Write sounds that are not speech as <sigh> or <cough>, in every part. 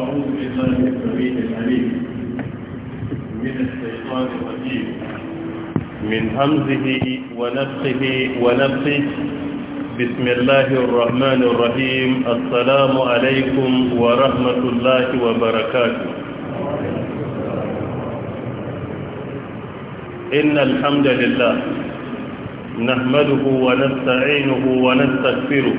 أعوذ بالله السميع من الشيطان الرجيم من همزه ونفخه ونفخه بسم الله الرحمن الرحيم السلام عليكم ورحمة الله وبركاته إن الحمد لله نحمده ونستعينه ونستغفره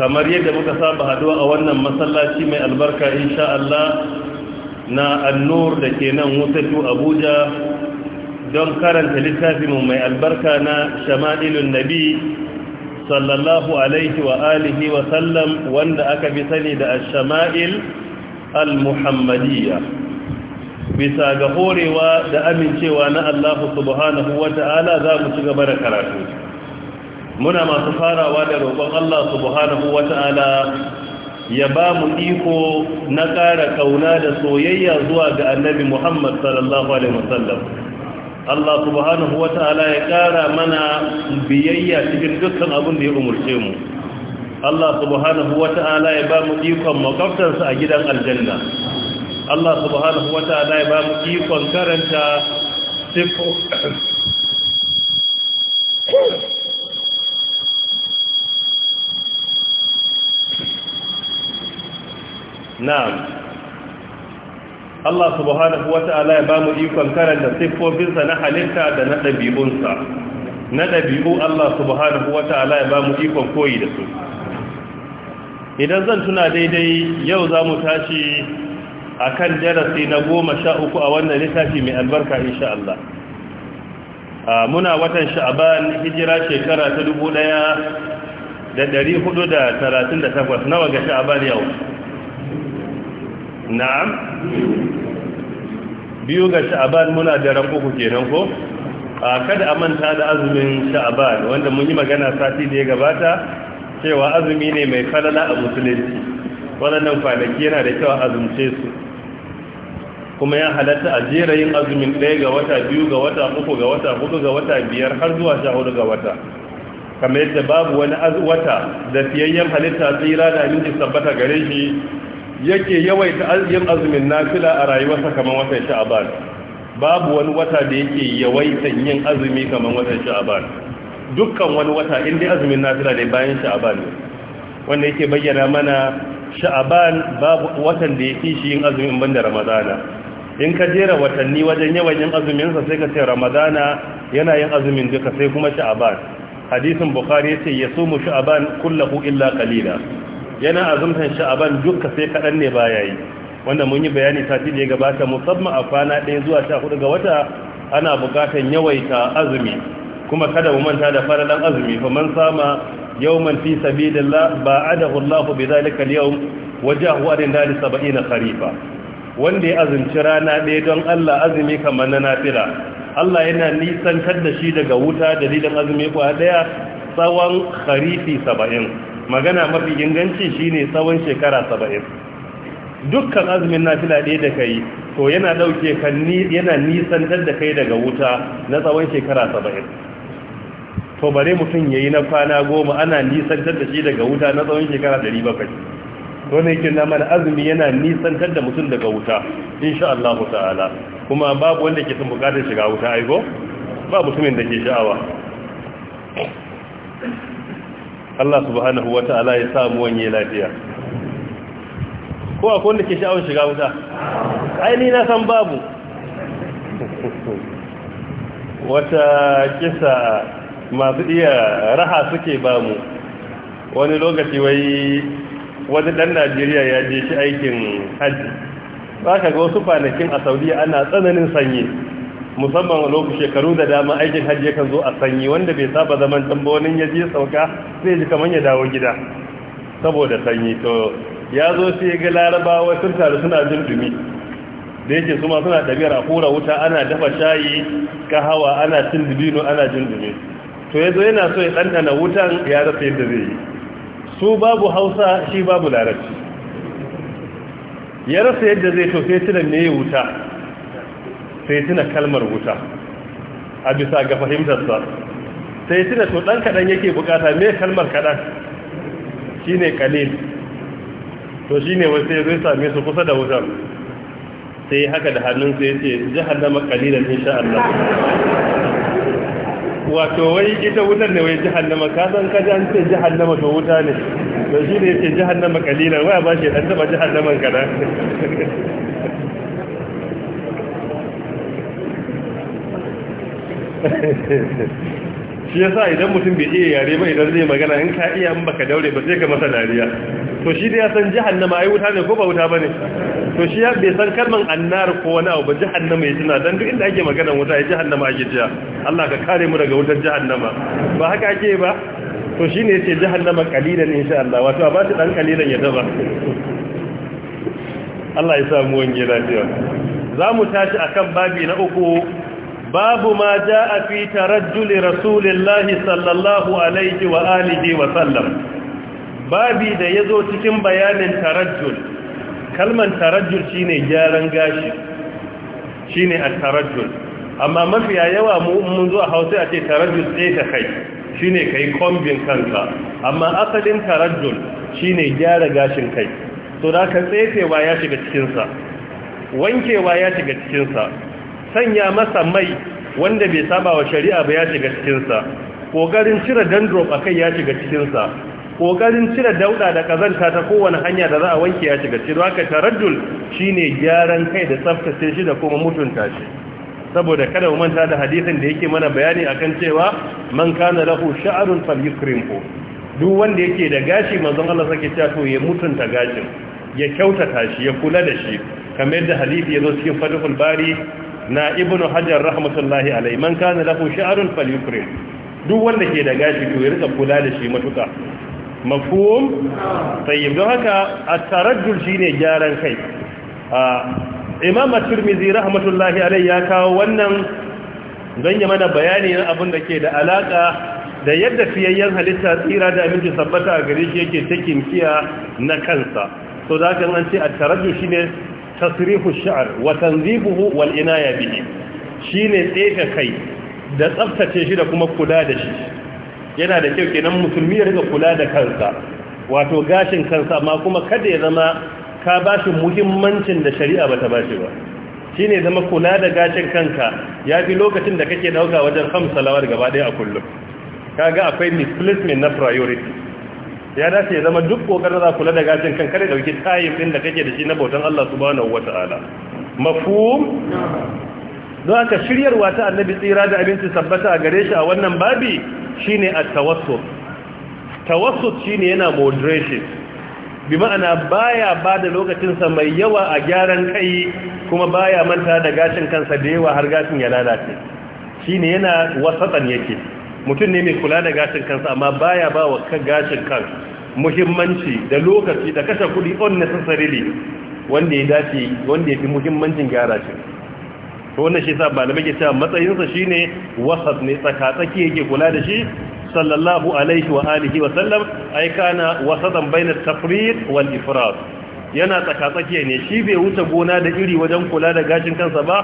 kamar yadda muka saba haduwa a wannan masallaci mai albarka insha Allah na annur da ke nan wutatu abuja don karanta littafinmu mai albarka na shama'ilun nabi sallallahu alaihi wa alihi wa sallam wanda aka fi sani da shama'il al-muhammadiyya bisa ga horewa da amincewa na allahu subhanahu wa za mu ci gaba da karatu muna masu farawa da roƙon Allah subhanahu wata'ala ya ba mu iko na ƙara kauna da soyayya zuwa ga annabi Muhammad sallallahu alaihi wasallam Allah subhanahu wata'ala ya ƙara mana biyayya cikin dukkan abin da ya umurce mu Allah subhanahu wata'ala ya ba mu ikon makwabtansa a gidan aljanna Allah subhanahu wata'ala ya ba mu ikon karanta sifo <coughs> na'am Allah subhanahu wata'ala ya bamu ikon karanta siffofinsa na halitta da na ɗabi'unsa na ɗabi'u Allah subhanahu wata'ala ya bamu ikon koyi da su idan zan tuna daidai yau za mu tashi a kan darasi na goma sha uku a wannan littafi mai albarka insha Allah muna watan sha'aban hijira shekara ta dubu ɗaya da ɗari hudu da talatin da takwas nawa ga sha'aban yau na'am biyu ga sha'aban muna da ran ku kenan ko kada a manta da azumin sha'aban wanda mun yi magana sati da ya gabata cewa azumi ne mai falala a musulunci waɗannan kwanaki yana da kyau azumce su kuma ya halatta a jera yin azumin ɗaya ga wata biyu ga wata uku ga wata hudu ga wata biyar har zuwa sha hudu ga wata kamar yadda babu wani wata da fiyayyen halitta tsira da aminci sabbata gare shi yake yawaita yin azumin nafila a rayuwarsa kamar watan sha'aban babu wani wata da yake yawaita yin azumi kamar watan sha'aban dukkan wani wata inda azumin nafila ne bayan sha'aban ne wanda yake bayyana mana sha'aban babu watan da yake shi yin azumin banda ramadana in ka jera watanni wajen yawan yin azuminsa sai ka ce ramadana yana yin azumin duka sai kuma sha'aban hadisin bukhari yace yasumu sha'aban kullahu illa qalila yana azumtan sha'aban dukka sai kaɗan ne baya yi wanda mun yi bayani sati da ya gabata musamman a kwana ɗaya zuwa sha hudu ga wata ana buƙatar yawaita azumi kuma kada mu manta da faralan azumi fa man sama yawman fi sabilillah ba'adahu Allah bi zalika al-yawm wajahu adin dali 70 kharifa wanda ya azumci rana ɗaya don Allah azumi kamar na nafila Allah yana nisantar da shi daga wuta dalilin azumi kwa ɗaya tsawon kharifi 70 magana mafi inganci shine tsawon shekara saba'in dukkan azumin nafila ɗaya da kai to yana ɗauke kan yana nisantar da kai daga wuta na tsawon shekara saba'in to bare mutum ya yi na kwana goma ana nisan da shi daga wuta na tsawon shekara ɗari bakwai wani kin na mana azumi yana nisantar da mutum daga wuta insha Allah ta'ala kuma babu wanda ke son bukatar shiga wuta aiko ba mutumin da ke sha'awa Allah subhanahu wa ta'ala ya samu wanye lafiya ko akwai wanda ke sha'awar shiga wuta aini na san babu <laughs> wata kisa masu iya raha suke bamu wani lokaci wai wani dan najeriya ya je shi aikin hajji ba ka ga wasu kwanakin a saudiya ana tsananin sanyi musamman a lokacin shekaru da dama aikin hajji kan zo a sanyi wanda bai saba zaman tambawonin ya je sauka sai ji kamar ya dawo gida saboda sanyi to ya zo sai ga larabawa sun taru suna jin dumi da yake su ma suna ɗabi'ar a hura wuta ana dafa shayi kahawa ana cin dibino ana jin dumi to ya zo yana so ya ɗanɗana wutan ya rasa yadda zai yi su babu hausa shi babu larabci ya rasa yadda zai to sai tunan ne ya wuta sai tuna kalmar wuta a bisa ga fahimtarsa sai tuna to ɗan kaɗan yake bukata me kalmar kaɗan shi ne kalil to shi ne wasu ya zai same su kusa da wutan sai haka da hannunsa sai ce jihannama kalilan insha Allah wato wai ita wutar ne wai jihannama ka san ka ji an ce jihannama to wuta ne to shi ne ya ce jihannama kalilan wai ba shi dan taba jihannaman kaɗan shi ya sa idan mutum bai iya yare ba idan zai magana in ka iya in baka daure ba sai ka masa dariya to shi da ya san jahannama ai wuta ne ko ba wuta bane to shi ya bai san kalman annar ko wani abu ba jahannama ya tuna dan duk inda ake magana wuta ai jahannama ake jiya Allah ka kare mu daga wutar jahannama ba haka ake ba to shine yace jahannama kalilan insha Allah wato a ba shi dan kalilan ya daba Allah ya sa mu wange lafiya za mu tashi akan babi na uku babu ma a fi tarajjul rasulillahi sallallahu alaihi wa alihi wa sallam babi da ya zo cikin bayanin tarajjul kalman tarajjul shine gyaran gashi shine a tarajjul amma mafiya yawa mu mun zo a Hausa a ce tarajjul tse ta kai shine yi kombin kanka amma asalin tarajjul shine gyara gashin kai to da ka tsefewa ya shiga cikinsa. wankewa ya shiga cikinsa. sanya masa mai wanda bai saba wa shari'a ba ya shiga cikinsa ƙoƙarin cire dandrop a kai ya shiga cikinsa ƙoƙarin cire dauɗa da ƙazanta ta kowane hanya da za a wanke ya shiga cikin haka taraddul shine gyaran kai da tsaftace shi da kuma mutunta shi saboda kada mu manta da hadisin da yake mana bayani akan cewa man kana lahu sha'run falyukrimhu duk wanda yake da gashi manzon Allah sake cewa to ya mutunta gashin ya kyautata shi ya kula da shi kamar da hadisi ya zo cikin fadhul bari na ibnu hajar rahmatullahi alai man kana lahu sha'run falyukrim duk wanda ke da gashi to ya rika kula da shi matuka mafhum tayyib don haka at-tarajjul shine gyaran kai ah, imam at-tirmidhi rahmatullahi alai ya kawo wannan zanya mana bayani na abin da ke da alaka da yadda fiyayyen halitta tsira da aminci sabbata a gare shi yake ta kimkiya na kansa so da haka an ce a tarajju shine tasrihu sha'ar wa tanzibuhu wal inaya bihi shine tsefe kai da tsaftace shi da kuma kula da shi yana da kyau kenan musulmi ya riga kula da kansa wato gashin kansa amma kuma kada ya zama ka bashi muhimmancin da shari'a bata bashi ba shine zama kula da gashin kanka yafi lokacin da kake dauka wajen lawar gaba daya a kullum kaga akwai misplacement na priority ya dace ya zama duk kokarin za kula da gashin kan kare dauki tayin din da kake da shi na bautan Allah subhanahu wataala mafhum don aka shiryarwa ta annabi tsira da abinci sabbata a gare shi a wannan babi shine at-tawassut tawassut shine yana moderation bi ma'ana baya ba da lokacinsa mai yawa a gyaran kai kuma baya manta da gashin kansa da yawa har gashin ya lalace shine yana wasatan yake mutum ne mai kula da gashin kansa amma baya ba wa kan gashin kan muhimmanci da lokaci da kashe kuɗi unnecessarily wanda ya dace wanda ya fi muhimmancin gyara shi to wannan shi sa malamai ke cewa matsayinsa shine wasat ne tsaka tsaki yake kula da shi sallallahu alaihi wa alihi wa sallam ai kana wasatan bainat tafrid wal ifrad yana tsaka tsakatsakiya ne shi bai wuce gona da iri wajen kula da gashin kansa ba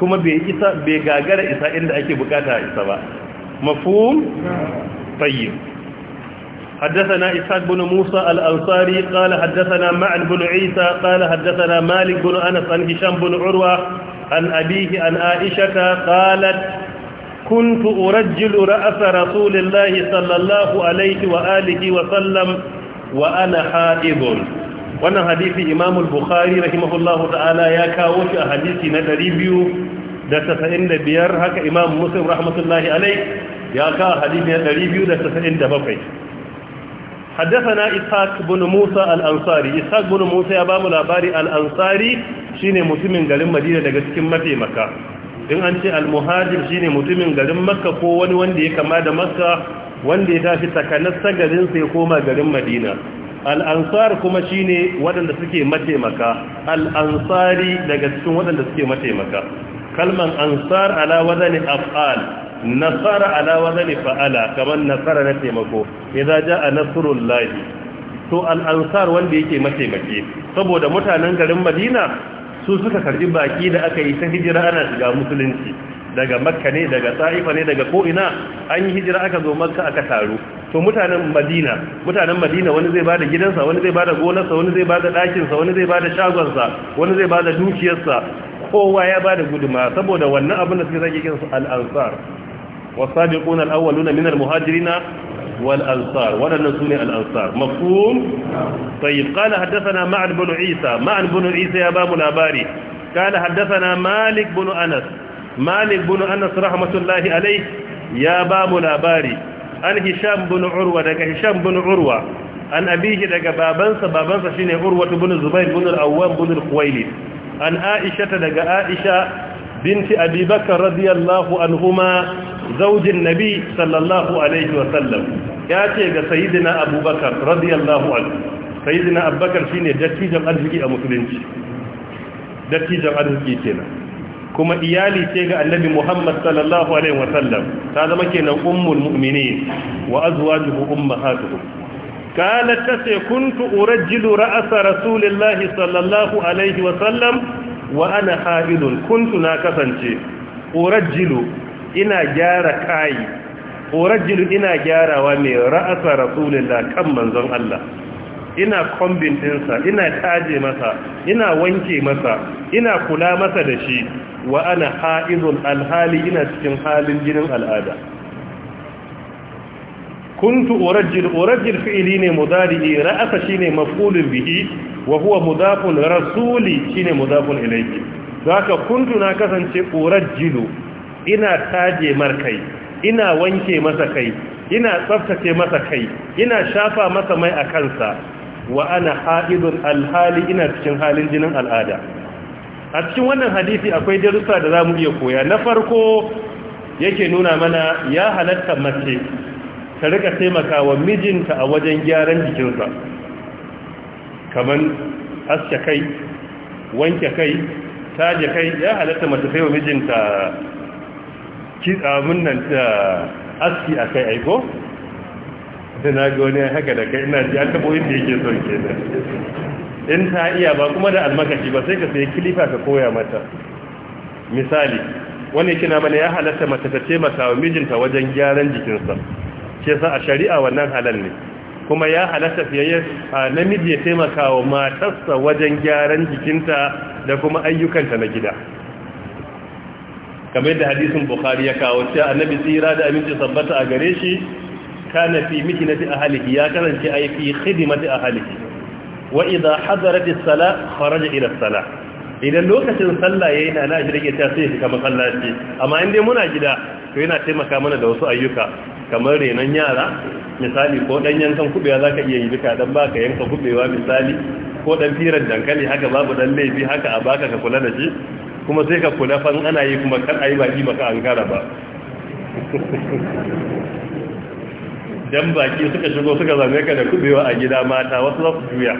kuma bai isa bai gagara isa inda ake bukata isa ba مفهوم طيب حدثنا إسحاق بن موسى الأنصاري قال حدثنا معن بن عيسى قال حدثنا مالك بن أنس عن هشام بن عروة عن أبيه عن عائشة قالت كنت أرجل رأس رسول الله صلى الله عليه وآله وسلم وأنا حائض wannan hadisi imam al-bukhari rahimahullahu ta'ala ya kawo shi a hadisi na 200 da tasa'in da biyar haka imam muslim rahmatullahi alai ya ka hadisi na ɗari biyu da tasa'in da bakwai Haddasa na حدثنا إسحاق Musa موسى الأنصاري Ishak بن Musa ya bamu labari الأنصاري mutumin garin madina daga cikin mafi maka. in an ce almuhajir shine mutumin garin makka ko wani wanda ya kama da makka wanda ya tafi takanasta garin sai koma garin madina al'ansar kuma shine waɗanda suke mataimaka ansari daga cikin waɗanda suke mataimaka kalman ansar ala wazani af'al nasara ala wazani fa'ala kamar nasara na taimako idza jaa nasrullahi to al ansar wanda yake mataimake saboda mutanen garin Madina su suka karbi baki da aka yi ta hijira ana shiga musulunci daga makka ne daga ta'ifa ne daga ko'ina an yi hijira aka zo makka aka taru to mutanen madina mutanen madina wani zai bada gidansa wani zai bada gonarsa wani zai bada ɗakinsa wani zai bada shagonsa wani zai bada dukiyarsa kowa ya bada guduma saboda wannan abin da suke zage kinsu al-ansar wasabiquna al-awwaluna min al-muhajirina والأنصار ولا نسوني الأنصار مفهوم طيب قال حدثنا معن بن عيسى معن بن عيسى يا باب الأباري قال حدثنا مالك بن أنس مالك بن أنس رحمة الله عليه يا باب الأباري عن هشام بن عروة دك هشام بن عروة عن أبيه دك بابنس بابنس شيني عروة بن الزبير بن الأوام بن الخويلد an aisha daga aisha binti Abubakar bakar radiyallahu anhuma zaujin nabi sallallahu alaihi wasallam ya ce ga sayidina abubakar radiyallahu anhu sayidina abubakar shine dattijan arziki a musulunci dattijan arziki kenan kuma iyali ce ga annabi muhammad sallallahu alaihi wasallam ta zama kenan ummul mu'minin wa azwajuhu ummahatuhum kala ta sai kun tu'urar ra'asa rasulillahi sallallahu alaihi wasallam wa ana haɗinun kun tuna kasance ƙorar ina gyara kayi ƙorar ina gyarawa mai ra'asa rasulillah kan manzon Allah ina kombin ɗinsa ina taje masa ina wanke masa ina kula masa da shi wa'ana ana alhali ina cikin halin jinin al'ada كنت أرجل أرجل فعلي مضاري رأس شين مفقول به وهو مضاف رسولي شين مضاف إليه ذاك كنت ناكسا أرجل إنا تاجي مركي إنا وانكي مسكي إنا صفتك مسكي إنا شافا مسمي أكنسا وأنا حائد الحال إنا تشن حال جنن الآداء a cikin wannan hadisi akwai darussa da za mu iya koya na farko yake nuna mana ya halatta mace Ka rika taimakawa mijinta a wajen gyaran jikinsa kamar haske kai wanke kai taje kai ya halatta mace kai wa mijinta kitsamin nan ta aski a kai aiko da na ga wani haka da kai ina ji an taɓo inda yake son ke da in ta iya ba kuma da almakashi ba sai ka sai kilifa ka koya mata misali wani kina mana ya halatta mace ta taimaka wa mijinta wajen gyaran jikinsa shi yasa a shari'a wannan halal ne kuma ya halatta fiye namiji ya taimaka wa matarsa wajen gyaran jikinta da kuma ayyukanta na gida kamar da hadisin bukhari ya kawo cewa annabi tsira da aminci sabbata a gare shi kana fi mihnati ahlihi ya karanci ay fi khidmati ahlihi wa idha hadarat as-salah kharaja ila as-salah idan lokacin sallah yayin ana shirye ta sai sallah masallaci amma in dai muna gida to yana taimaka mana da wasu ayyuka kamar renon yara misali ko dan yankan kubewa za ka iya yi duka dan ka yanka kubewa misali ko dan firar dankali haka babu dan laifi haka a baka ka kula da shi kuma sai ka kula fan ana yi kuma kar a baki maka an kara ba dan <laughs> baki suka shigo suka zame ka da kubewa a gida mata wasu za su juya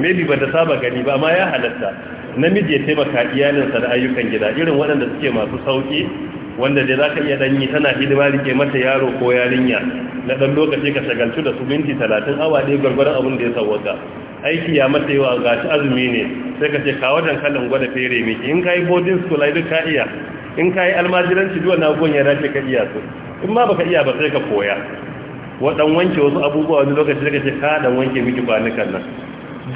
maybe ba da saba gani ba amma ya halatta namiji ya taimaka iyalinsa da ayyukan gida irin waɗanda suke masu sauki wanda dai za ka iya danyi tana hidima rike mata yaro ko yarinya na ɗan lokaci ka shagaltu da su minti talatin awa ɗaya gwargwaron abin da ya sauwaka aiki ya mata yawa ga shi azumi ne sai ka ce kawo kallon gwada fere miki in ka yi boarding school ai duk ka iya in ka yi almajiranci duwa na gon ya dace ka iya su in ma baka iya ba sai ka koya waɗan wanke wasu abubuwa wani lokaci sai ka ce ka dan wanke miki kwanukan nan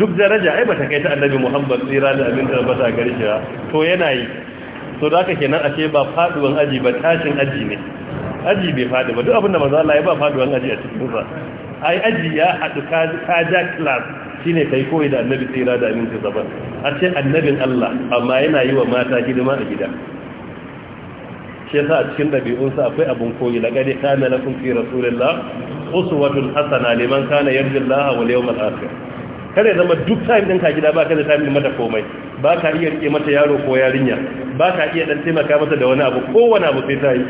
duk daraja ai ba ta kai ta annabi muhammad tsira da abin da ba ta garkiya to yana yi to da aka kenan ashe ba faduwan aji ba tashin aji ne aji bai fadi ba duk abinda manzo Allah ya ba faduwan aji a cikin sa ai aji ya hadu ka ja class shine kai koyi da annabi tsira da aminci zaban a ce annabin Allah amma yana yi wa mata hidima a gida shi yasa a cikin dabi'unsa akwai abun koyi la gadi kana lakum fi rasulillah uswatun hasana liman kana yarjullaha wal yawmal akhir kada zama duk time din ka gida ba kada da time mata komai ba ka iya rike mata yaro ko yarinya ba ka iya dan taimaka mata da wani abu wani abu sai ta yi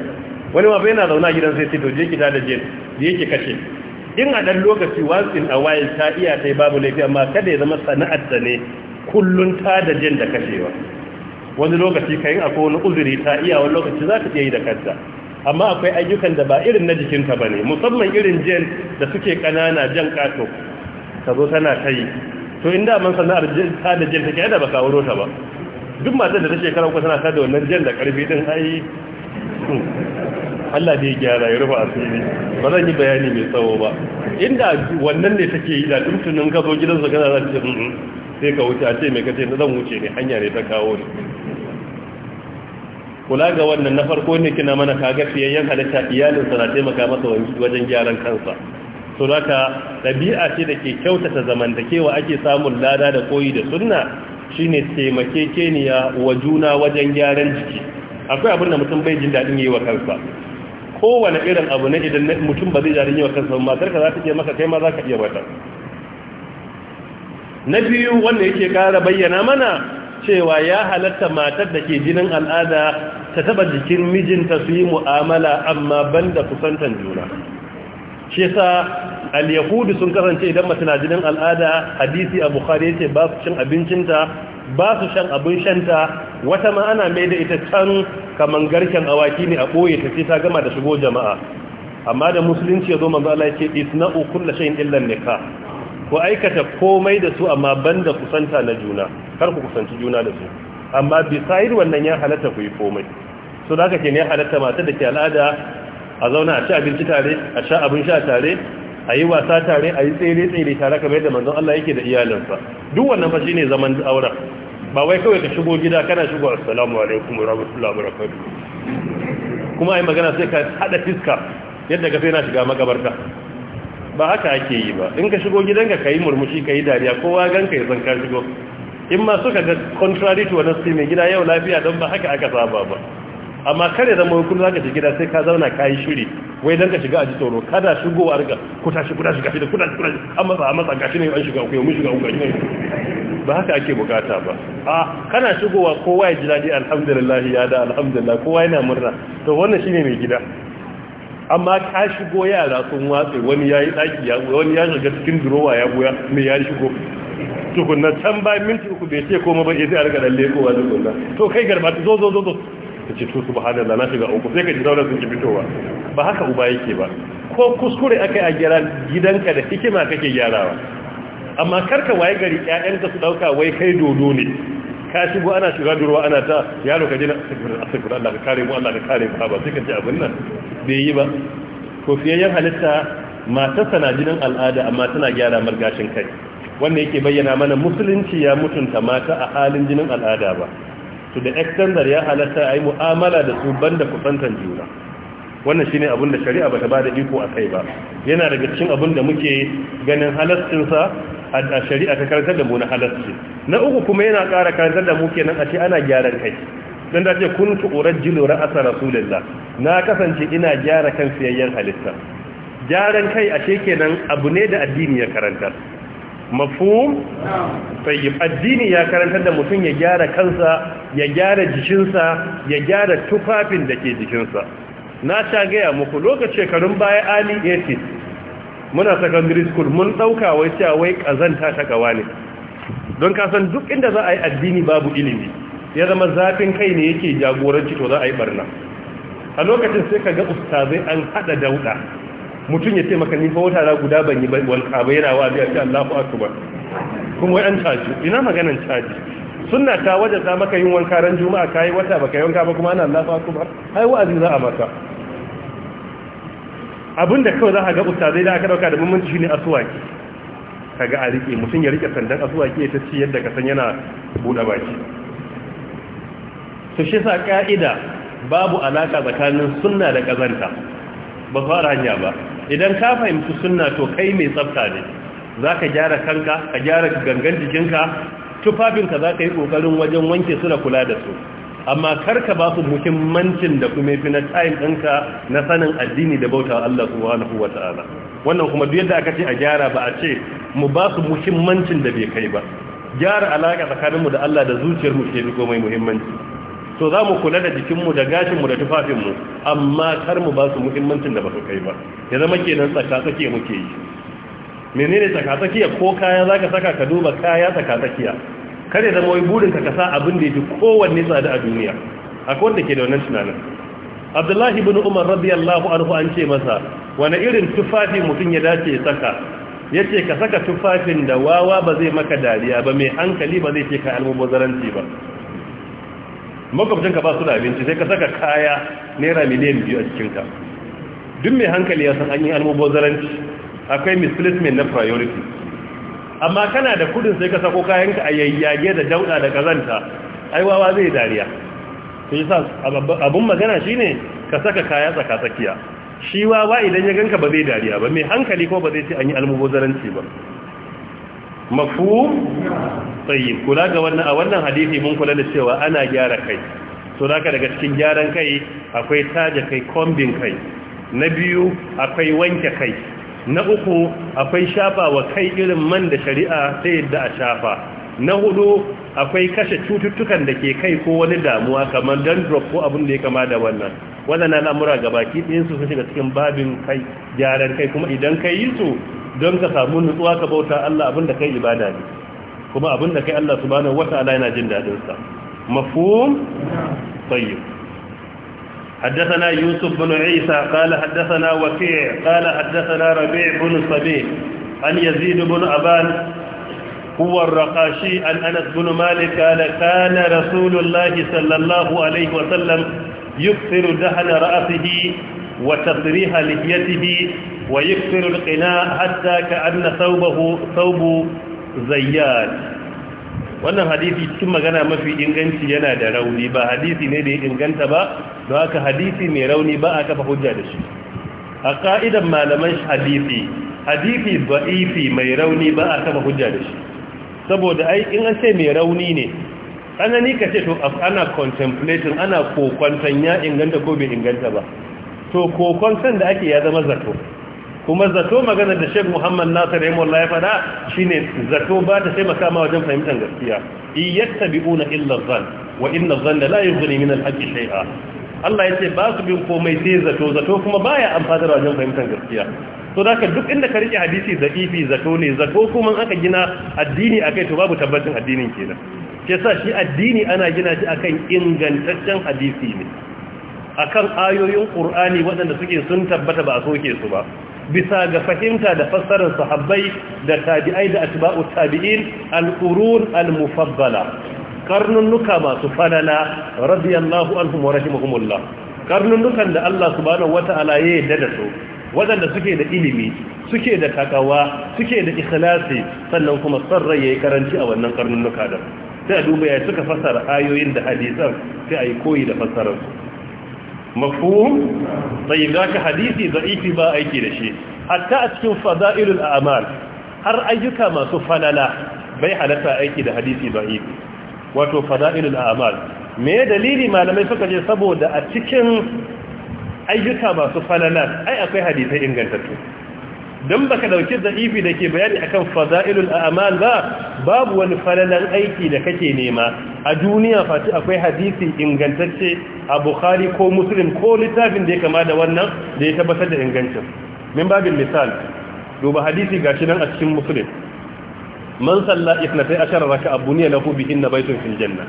wani ma bai na zauna gidan sai to je kita da je da yake kashe in a dan lokaci once in a while ta iya tai babu laifi amma kada ya zama sana'ar ta ne kullun ta da jin da kashewa wani lokaci kayan akwai wani uzuri ta iya wani lokaci za ta iya yi da kanta amma akwai ayyukan da ba irin na jikinta ba ne musamman irin jen da suke ƙanana jan ƙato ka zo tana kai. to inda man sana'ar ta da jan take da ba kawo ta ba duk matan da ta shekara kuma tana tada wannan jin da karfi din ai hmm. Allah bai gyara ya rufa asiri ba zan yi bayani mai tsawo ba inda wannan ne take yi da tuntunin ka zo gidansa kana zan ce sai ka wuce a ce mai kace na zan wuce ne hanya ne ta kawo ni kula ga wannan na farko ne kina mana kaga fiyayyen halitta iyalinsa na taimaka masa wajen gyaran kansa so haka ɗabi'a ce da ke kyautata zamantakewa ake samun lada da koyi da sunna shine keniya wa juna wajen gyaran jiki akwai abin da mutum bai jin daɗin yi wa kansa kowane irin abu ne idan mutum ba zai jarin yi wa kansa ba, karka za ta ce maka kai ma za ka iya wata na biyu wanda yake ƙara bayyana mana cewa ya halatta matar da ke jinin al'ada ta taba jikin mijinta su yi mu'amala amma banda kusantan juna shi sa al yahudi sun kasance idan mace na jinin al'ada hadisi a bukhari yace ba su cin abincinta ba su shan abin shanta wata ma ana mai da ita can kaman garken awaki ne a boye ta ce ta gama da shigo jama'a amma da musulunci ya zo manzo Allah ce isna'u kullu shay'in illa nikah ku aikata komai da su amma banda kusanta na juna kar ku kusanci juna da su amma bisair wannan ya halatta ku yi komai so da haka ke ne halatta mata da ke al'ada a zauna a ci abinci tare a sha abin sha tare a yi wasa tare a yi tsere-tsere tare kamar yadda manzon Allah yake da iyalinsa duk wannan fashi ne zaman auren ba wai kawai ka shigo gida kana shigo assalamu alaikum wa rahmatullahi wa barakatuh kuma ai magana sai ka hada fiska yadda ka sai na shiga makabarta ba haka ake yi ba in ka shigo gidanka ka yi murmushi ka yi dariya kowa ganka ya san ka shigo in ma suka ga contrary to wani mai gida yau lafiya don ba haka aka saba ba amma kare zama wai zaka shiga gida sai ka zauna ka yi shiri wai dan ka shiga a ji tsoro kada shigowa riga ku tashi ku tashi gashi da ku tashi ku tashi an matsa an matsa gashi ne an shiga ku mun shiga ku gashi ne ba haka ake bukata ba a kana shigowa kowa ya ji daɗi alhamdulillah ya da alhamdulillah kowa yana murna to wannan shine mai gida amma ka shigo yara sun watse wani ya yi ɗaki ya wani ya shiga cikin durowa ya goya mai ya shigo tukunna can ba minti uku bai ce koma ba sai a riga ko lekowa gona. to kai garba zo zo zo ta ce ba hannun na shiga uku sai ka ji zaunar sun ki fitowa ba haka uba yake ba ko kuskure aka yi a gyara gidanka da hikima kake gyarawa amma karka waye gari ƴaƴanka su ɗauka, wai kai dodo ne ka shigo ana shiga durwa ana ta yaro ka Allah ka kare mu Allah ka kare mu ba sai ka ji abin nan bai yi ba ko halitta matarsa na jinin al'ada amma tana gyara margashin kai wannan yake bayyana mana musulunci ya mutunta mata a halin jinin al'ada ba to da extender ya halatta a yi mu'amala da su banda kusantan juna wannan shine abin da shari'a bata ba da iko a kai ba yana daga cikin abin da muke ganin halascinsa a shari'a ta karantar da mu na halasci na uku kuma yana ƙara karantar da mu kenan a ce ana gyaran kai dan da ce kun kuntu urajjilu ra'asa rasulillah na kasance ina gyara kan siyayyen halitta gyaran kai ce kenan abu ne da addini ya karantar Mafu? tayyib addini ya karantar da mutum ya gyara kansa ya gyara jikinsa ya gyara tufafin da ke jikinsa na ta gaya muku lokacin shekarun baya ali 80 muna secondary school mun ɗauka wai cewa wai ƙazanta ta gawa ne don kasan duk inda za a yi addini babu ilimi ya zama zafin kai ne yake jagoranci to za a yi barna a lokacin sai ka ga ustazai an haɗa dauɗa mutum ya ce maka ni fa wata guda ban yi walƙa ba yana wa biya ce Allahu akbar kuma wai an caji ina maganan caji sunna ta wajata maka yin wanka ran juma'a kai wata baka yi wanka ba kuma ana Allahu akbar ai wa'azi za a maka abinda kawai za ka ga ustazai da aka dauka da mummunci shine aswaki kaga a rike mutum ya rike sandan aswaki ya ta ci yadda ka san yana bude baki to shi sa ka'ida babu alaka tsakanin sunna da kazanta ba fara hanya ba idan ka fahimci sunna to kai mai tsafta ne za ka gyara kanka ka gyara gangan jikinka tufafinka za ka yi ƙoƙarin wajen wanke su da kula da su amma karka ba su muhimmancin da kuma fi na tayin ɗinka na sanin addini da bauta Allah subhanahu wa ta'ala wannan kuma duk yadda aka ce a gyara ba a ce mu ba su muhimmancin da bai kai ba gyara alaƙa tsakaninmu da Allah da zuciyarmu ke ko komai muhimmanci to za mu kula da jikinmu da gashinmu da tufafinmu amma kar mu ba su muhimmancin da ba su kai ba ya zama kenan tsakatsaki muke yi menene tsakatsakiya ko kaya za ka saka ka duba kaya tsakatsakiya kar ya zama wai burinka ka sa abin da ya fi kowanne tsada a duniya akwai wanda ke da wannan tunanin abdullahi ibn umar radiyallahu anhu an ce masa wani irin tufafi mutum ya dace saka ya ce ka saka tufafin da wawa ba zai maka dariya ba mai hankali ba zai ce ka almubazaranci ba makwabcinka ba su da abinci sai ka saka kaya naira miliyan biyu a cikinka duk mai hankali ya san an yi almubazaranci akwai misplacement na priority amma kana da kudin sai ka sako kayanka a yayyage da dauda da kazanta aiwawa zai dariya sai yasa abun magana shine ka saka kaya tsaka tsakiya shi wawa idan ya ganka ba zai dariya ba mai hankali ko ba zai ce an yi almubazaranci ba mafu tsayi kula ga wannan a wannan hadisi mun kula da cewa ana gyara kai to daga daga cikin gyaran kai akwai taje kai kombin kai na biyu akwai wanke kai na uku akwai shafa wa kai irin man da shari'a ta yadda a shafa na hudu akwai kashe cututtukan da ke kai ko wani damuwa kamar dandruff ko abin da ya kama da wannan wannan al'amura ga baki ɗayan su sun shiga cikin babin kai gyaran kai kuma idan kai yi su don ka samu nutsuwa ka bauta Allah abin da kai ibada ne kuma abin da kai Allah subhanahu wata'ala yana jin dadin sa mafhum tayyib حدثنا يوسف بن عيسى قال حدثنا وكيع قال حدثنا ربيع بن صبيح عن يزيد بن أبان هو الرقاشي عن أنس بن مالك قال كان رسول الله صلى الله عليه وسلم يكثر دهن رأسه وتفريح لحيته ويكسر القناع حتى كأن ثوبه ثوب زيات wannan hadisi cikin magana mafi inganci yana da rauni ba hadisi ne da ya inganta ba don haka hadisi mai rauni ba a kafa hujja da shi a ka'idan malaman hadisi hadisi ba'ifi mai rauni ba a kafa hujja da shi saboda ai in an ce mai rauni ne tsanani ka ce to ana contemplating ana kokwantan ya inganta ko bai inganta ba to kokon san da ake ya zama zato kuma zato magana da Sheikh Muhammad Nasir Rahimullah ya fada shine zato ba ta sai makama wajen fahimtar gaskiya iyattabi'una illa dhann wa inna dhanna la yughni min al-haqqi shay'a Allah ya ce ba su bin komai sai zato zato kuma baya da wajen fahimtar gaskiya to da duk inda ka rike hadisi da ifi zato ne zato kuma aka gina addini akai to babu tabbacin addinin kenan ke sa shi addini ana gina shi akan ingantaccen hadisi ne akan ayoyin ƙur'ani waɗanda suke sun tabbata ba a soke su ba bisa ga fahimta da fassarar sahabbai da tabi'ai da atba'u tabi'in al-qurun al-mufaddala karnunnuka masu falala radiyallahu anhum wa rahimahumullah karnunnukan da Allah subhanahu wata'ala ya yarda da su waɗanda suke da ilimi suke da takawa suke da ikhlasi sannan kuma sarra yayi karanci a wannan nuka da sai a duba ya suka fassara ayoyin da hadisan sai a yi koyi da fassararsu mafhum tayyib zaka hadisi za'ifi ba aiki da shi hatta a cikin fada'ilul a'mal har ayyuka masu falala bai halatta aiki da hadisi da'ifi wato fada'ilul a'mal me dalili malamai suka je saboda a cikin ayyuka masu falala ai akwai hadisai ingantattu don baka dauki za'ifi da ke bayani akan faza'ilul a'mal ba babu wani falalan aiki da kake nema a duniya fati akwai hadisi ingantacce a bukhari ko muslim ko littafin da ya kama da wannan da ya tabbatar da ingancin min babin misal duba hadisi gashi nan a cikin muslim man salla isnatai ashara raka'a buniya lahu bihinna baytun fil janna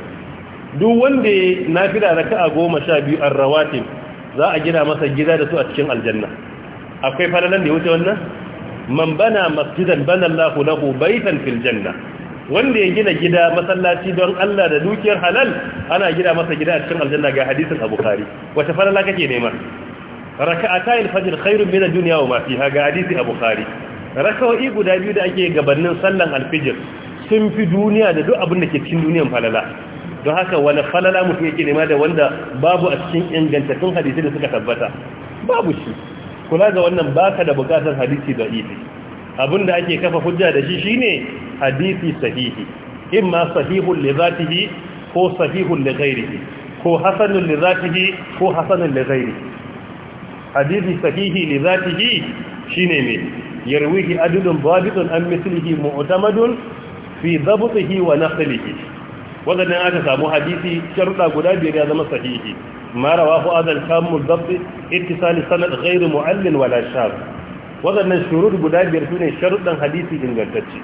duk wanda ya nafila raka'a goma sha biyu an rawatib za a gina masa gida da su a cikin aljanna akwai falalan da ya wuce wannan man bana masjidan bana Allah lahu baitan fil janna wanda ya gina gida masallaci don Allah da dukiyar halal ana gina masa gida a cikin aljanna ga hadisin Abu Bukhari wata falala kake nema raka'ata al-fajr khairun min ad-dunya wa ma fiha ga hadisi Abu Bukhari raka'o'i guda biyu da ake gabanin sallan al-fajr sun fi duniya da duk abin da ke cikin duniyan falala don haka wani falala mutum yake nema da wanda babu a cikin ingantattun hadisi da suka tabbata babu shi kula ga wannan baka da bukatar hadisi da ifi abinda ake kafa hujja da shi shine hadisi sahihi imma sahihun li zatihi ko sahihun li ghairihi ko hasanun li zatihi ko hasanun li ghairihi hadisi sahihi li zatihi shine me yarwihi adlun dhabitun an mithlihi mu'tamadun fi dhabtihi wa naqlihi wadannan aka samu hadisi sharuɗa guda biyar ya zama sahihi ma rawahu adal kamul dabbi ittisali sanad ghairu mu'allin wala shaz wadannan shurud guda biyar sune sharuɗan hadisi ingantacce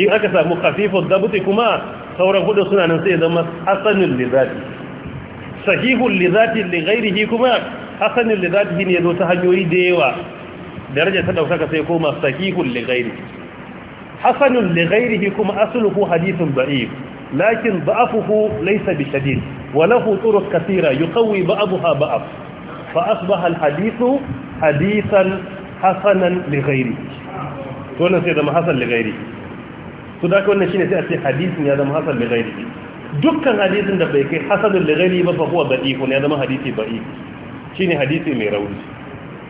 in aka samu khafifud dabbi kuma sauran hudu suna nan sai zama hasanul lidati sahihul lidati li ghairihi kuma hasanul lidati ne yazo ta hanyoyi da yawa darajar ta daukaka sai koma sahihul li ghairihi hasanun li ghairihi kuma asluhu hadithun da'if lakin ba'afuhu laysa bi shadid wa lahu turuq kathira yuqawi ba'daha ba'af fa asbaha alhadithu hadithan hasanan sai zama hasan li ghairi to da wannan shine sai a ce hadisin ya zama hasan li dukkan hadisin da bai kai hasanun li ghairi ba fa huwa da'ifun ya zama hadisi da'if shine hadisi mai rauni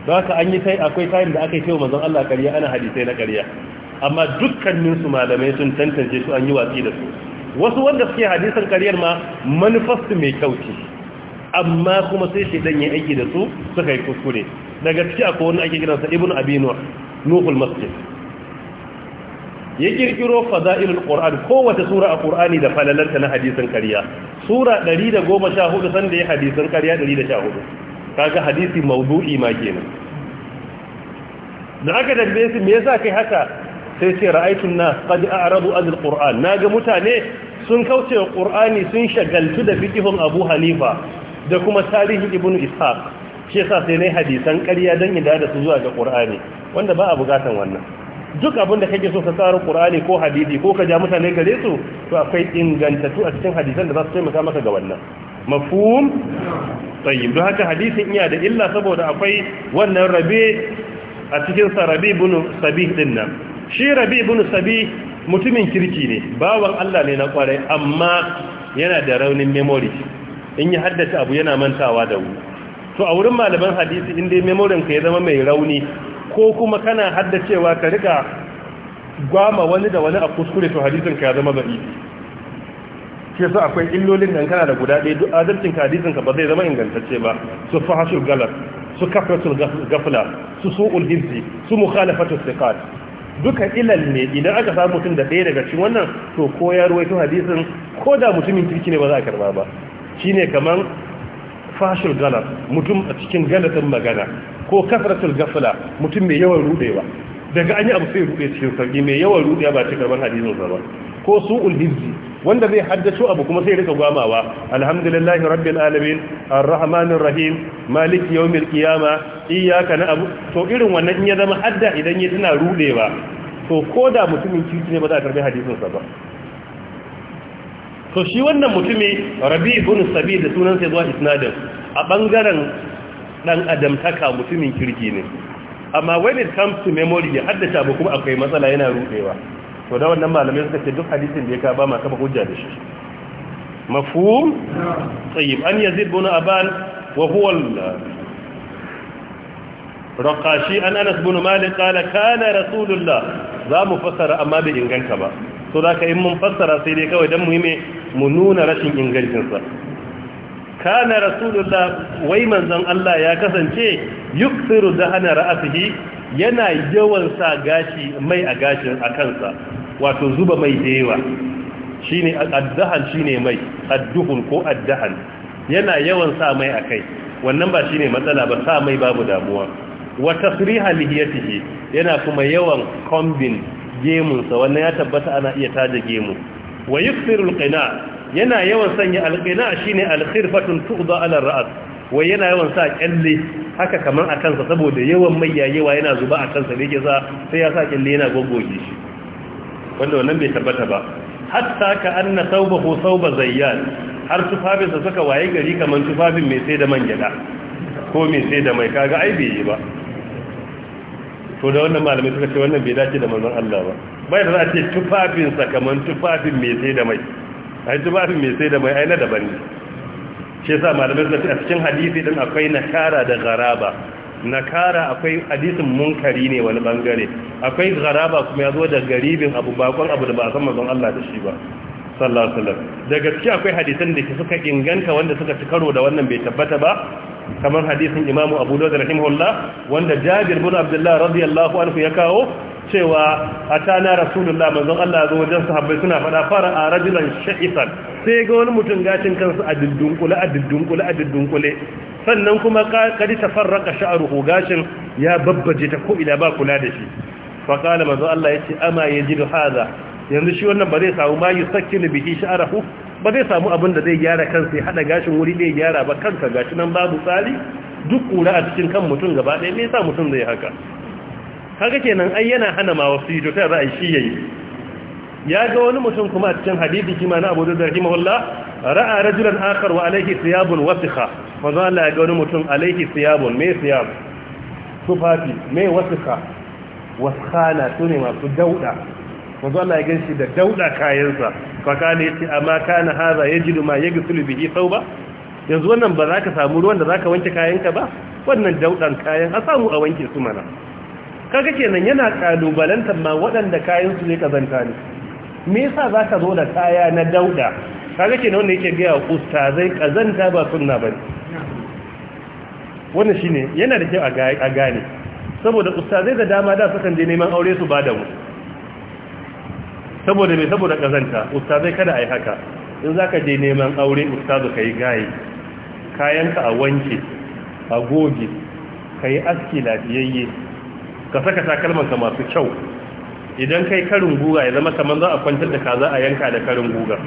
don haka an yi tai akwai tayin da aka yi cewa manzon Allah kariya ana hadisai na karya. amma dukkaninsu malamai sun tantance su an yi watsi da su wasu wanda suke hadisan ƙaryar ma manufarsu mai kyauci amma kuma sai shi dan aiki da su suka yi kuskure daga ciki a wani ake sa ibnu abinu nuhul masjid ya kirkiro fada'ilul ƙor'an kowace sura a ƙor'ani da falalanta na hadisan ƙarya sura 114 san da ya hadisan ƙarya 114 kaga hadisi mawdu'i ma kenan da aka tambaye su me yasa kai haka sai ce ra'aitun nas a a'radu an Na naga mutane sun kauce wa qur'ani sun shagaltu da fiqhun abu hanifa da kuma tarihin ibnu ishaq shi yasa sai nayi hadisan ƙarya dan inda da su zuwa ga qur'ani wanda ba a bukatan wannan duk abin da kake so ka tsara kur'ani ko hadisi ko ka ja mutane gare su to akwai ingantattu a cikin hadisan da za su taimaka maka ga wannan mafhum tayyib don haka hadisin iya da illa saboda akwai wannan rabe a cikin sarabi bunu sabih din nan shi rabi ibn sabi mutumin kirki ne bawan Allah ne na kwarai amma yana da raunin memory in ya haddace abu yana mantawa da wu to a wurin malaman hadisi in dai memorin ka ya zama mai rauni ko kuma kana haddacewa ka rika gwama wani da wani a kuskure to hadisin ka ya zama ba'i Ke sa akwai illolin nan kana da guda ɗaya duk adalcin ka hadisin ka ba zai zama ingantacce ba su fahashul galat su kafratul gafla su su'ul su mukhalafatul thiqat duka ilal ne idan aka samu mutum da ɗaya daga cikin wannan to ko ya ruwaito hadisin ko da mutumin kirki ne ba za a karba ba shine kaman fashil galas mutum a cikin galatin magana ko kasratul gafla mutum mai yawan rudewa daga an yi abu sai rude cikin sauki mai yawan rudewa ba cikin karban hadisin sa ba ko su'ul hizbi wanda zai haddace abu kuma sai rika gwamawa alhamdulillahi rabbil alamin arrahmanir rahim maliki yawmil qiyama iyyaka na'budu to irin wannan in ya zama hadda idan ya tana rudewa to koda mutumin kirki ne ba za a karbi hadisin sa ba to shi wannan mutumi rabi ibn sabi da sunan sai zuwa isnadin a bangaren dan adam taka mutumin kirki ne amma when it comes to memory ya haddace abu kuma akwai matsala yana rudewa to da wannan malamai suka ce duk hadisin da ya ka ba ma kafa hujja da shi mafhum tayyib an yazid bin aban wa huwa raqashi an anas bin malik qala kana rasulullah za mu fassara amma bai inganta ba To da ka in mun fassara sai dai kawai dan mu yi mu nuna rashin ingancinsa kana rasulullah wai manzon Allah ya kasance yuksiru dahana ra'atihi yana yawan sa gashi mai a gashin a kansa wato zuba mai da yawa shine addahan shine mai adduhun ko addahan yana yawan sa mai a kai wannan ba shine matsala ba sa mai babu damuwa wa tasriha lihiyatihi yana kuma yawan kombin gemunsa wannan ya tabbata ana iya taje gemu wa yukthiru alqina yana yawan sanya alqina shine alkhirfatun tuqda ala ra'as wai yana yawan sa kyalle haka kamar a kansa saboda yawan mai yayewa yana zuba a kansa da yake sa sai ya sa kyalle yana goggoge shi wanda wannan bai tabbata ba hatta ka anna ko sauba zayyan har tufafinsa suka waye gari kamar tufafin mai sai da man gyada ko mai sai da mai kaga ai bai yi ba to da wannan malamai suka ce wannan bai dace da manzon Allah ba bai da za a ce tufafinsa kamar tufafin mai sai da mai ai tufafin mai sai da mai ai na daban ne shi yasa malamai suna a cikin hadisi din akwai nakara da garaba nakara akwai hadisin munkari ne wani bangare akwai garaba kuma ya da garibin abu bakon abu da ba a san mazan Allah da shi ba sallallahu alaihi wasallam daga cikin akwai hadisan da suka inganta wanda suka ci karo da wannan bai tabbata ba kamar hadisin Imam Abu Dawud rahimahullah wanda Jabir bin Abdullah radiyallahu anhu ya kawo cewa a atana rasulullah manzon Allah zo wajen sahabbai suna fada fara a rajulan sha'isan sai ga wani mutum gashin kansa a diddunkule a diddunkule a diddunkule sannan kuma kadi ta tafarraka sha'ruhu gashin ya babbaje ta ko ila ba kula da shi fa qala manzon ya ce ama yajidu hadha yanzu shi wannan ba zai samu ma yusakkinu bihi sha'ruhu ba zai samu abin da zai gyara kansa ya hada gashin wuri zai gyara ba kanka gashi nan babu tsari duk kura a cikin kan mutum gaba ɗaya me yasa mutum zai haka kaga kenan ai yana hana ma wasu to ta za a yi shi yayi ya ga wani mutum kuma a cikin hadisi kima na Abu Dawud rahimahullah ra'a rajulan akhar wa alayhi thiyabun wasikha fa zalla ya ga wani mutum alayhi thiyabun me thiyab tufafi me wasikha waskhana ma masu dauda fa zalla ya ganshi da dauda kayansa fa kana yace amma kana hadha yajidu ma yaghsilu bihi thawba yanzu wannan ba za ka samu ruwan da za ka wanke kayanka ba wannan daudan kayan a samu a wanke su mana kaga kenan yana kalubalantar ma waɗanda kayan su ne kazanta ne me yasa za ka zo da kaya na dauda kaga kenan wanda yake gaya ustazai kazanta ba sunna ba ne wannan shine yana da kyau a gane saboda ustazai da dama da sukan je neman aure su ba da mu saboda me saboda kazanta ustazai kada a yi haka in za ka je neman aure ustazu ka yi gaye kayanka a wanke a goge ka yi aski lafiyayye ka saka takalmanka masu kyau idan kai karin guga ya zama kamar za a kwantar da ka za a yanka da karin guga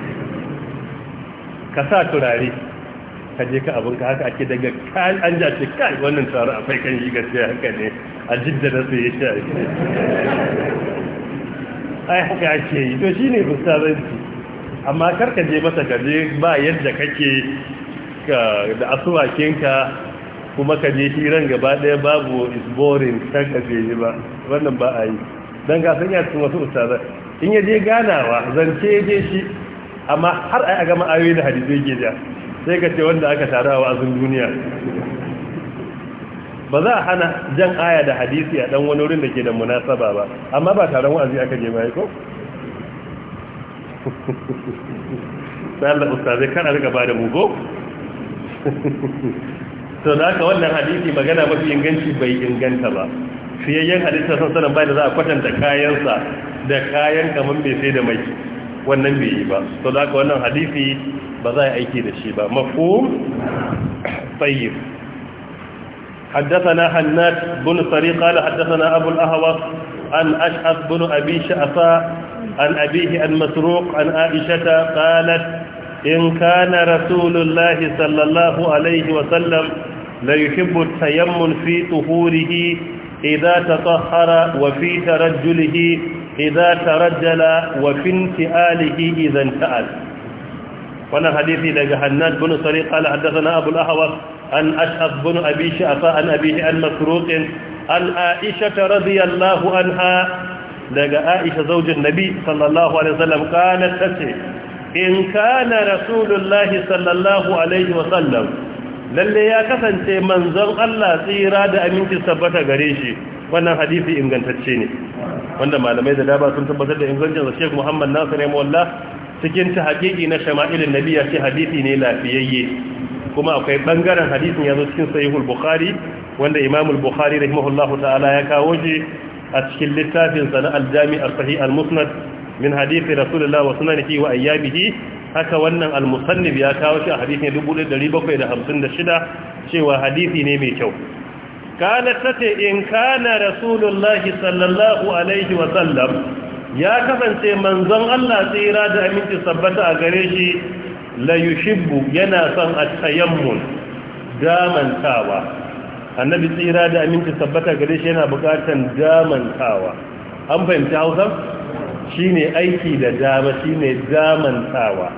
ka sa turare ka je ka abinka haka ake daga kayan an ja ce kai wannan tsarin a faikan yi gaskiya haka ne a jidda na sai ya sha ai haka ake yi to shi ne fustaranci amma karka je masa ka je ba yadda kake da asuwakinka kuma ka je hiran gaba ɗaya babu is boring kan ka je ba wannan ba a yi don ka sanya cikin wasu ustaza in ya je ganawa zance ya je shi amma har a gama ayoyi da hadisai ke da sai ka ce wanda aka tara wa azun duniya ba za a hana jan aya da hadisi a dan wani wurin da ke da munasaba ba amma ba taron wa'azi aka je ba ko <laughs> sai Allah ustazai kan a riga ba da mu ko <laughs> to da haka wannan hadisi magana mafi inganci bai inganta ba fiyayyen halitta sassana ba bai da za a kwatanta kayansa da kayan kamar mai sai da mai wannan bai yi ba to da haka wannan hadisi ba za a aiki da shi ba mafhum tayyib حدثنا حنات بن سري قال حدثنا أبو الأهوى عن أشعث بن أبي شعثاء an أبيه an مسروق an aishata. قالت in كان رسول الله صلى الله la yuhibbu tayammun fi tuhurihi idza tatahhara wa fi tarajjulihi tarajjala wa fi intialihi intaal hadisi daga Hannad bin Sari qala haddathana Abu al-Ahwas an Ash'ab bin Abi Sha'fa an abihi an masruq an Aisha radhiyallahu anha daga Aisha zaujin Nabi sallallahu alaihi wasallam kanat tace in kana rasulullahi sallallahu alaihi wasallam lalle ya kasance manzon Allah tsira da aminci sabbata gare shi wannan hadisi ingantacce ne wanda malamai da daba sun tabbatar da ingancin sa Sheikh Muhammad Nasir Mullah cikin ta hakiki na shama'ilin nabi shi hadisi ne lafiyayye kuma akwai bangaren hadisin yazo cikin sahihul bukhari wanda imam al-bukhari rahimahullahu ta'ala ya kawo shi a cikin littafin sa na al-jami' al-sahih al-musnad min hadisi rasulullah wa sunanihi wa ayyabihi haka wannan al musannib ya kawo shi a hadisi 1756 cewa hadisi ne mai kyau kana tace in kana rasulullahi sallallahu alaihi wa sallam ya kasance manzon Allah tsira da aminci sabbata a gare shi la yushibbu yana son at-tayammum damantawa annabi tsira da aminci sabbata gare shi yana bukatan damantawa an fahimci Hausa shine aiki da dama shine zamantawa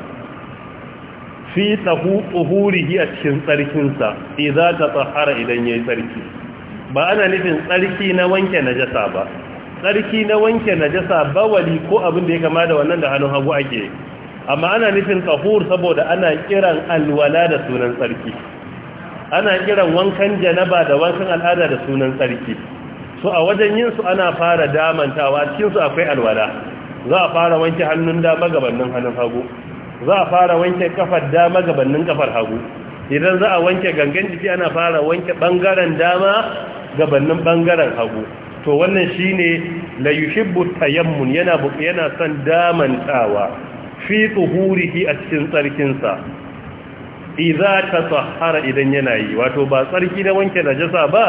fi uhurihi a cikin tsarkinsa idza ta tsahara idan yayi yi tsarki ba ana nufin tsarki na wanke najasa ba tsarki na wanke najasa ba wali ko abin da ya kama da wannan da hannun hagu ake amma ana nufin tahur saboda ana kiran alwala da sunan tsarki ana kiran wankan janaba da wankan al'ada da sunan tsarki so a wajen yin su ana fara damantawa cikin su akwai alwala za a fara wanke hannun dama gabanin hannun hagu za a fara wanke kafar dama gabanin kafar hagu idan za a wanke gangan jiki ana fara wanke bangaren dama gabanin bangaren hagu to wannan shi ne yuhibbu tayammun yana yana son damantawa fi tuhurihi a cikin tsarkinsa ta tsahara idan yana yi wato ba tsarki na wanke najasa ba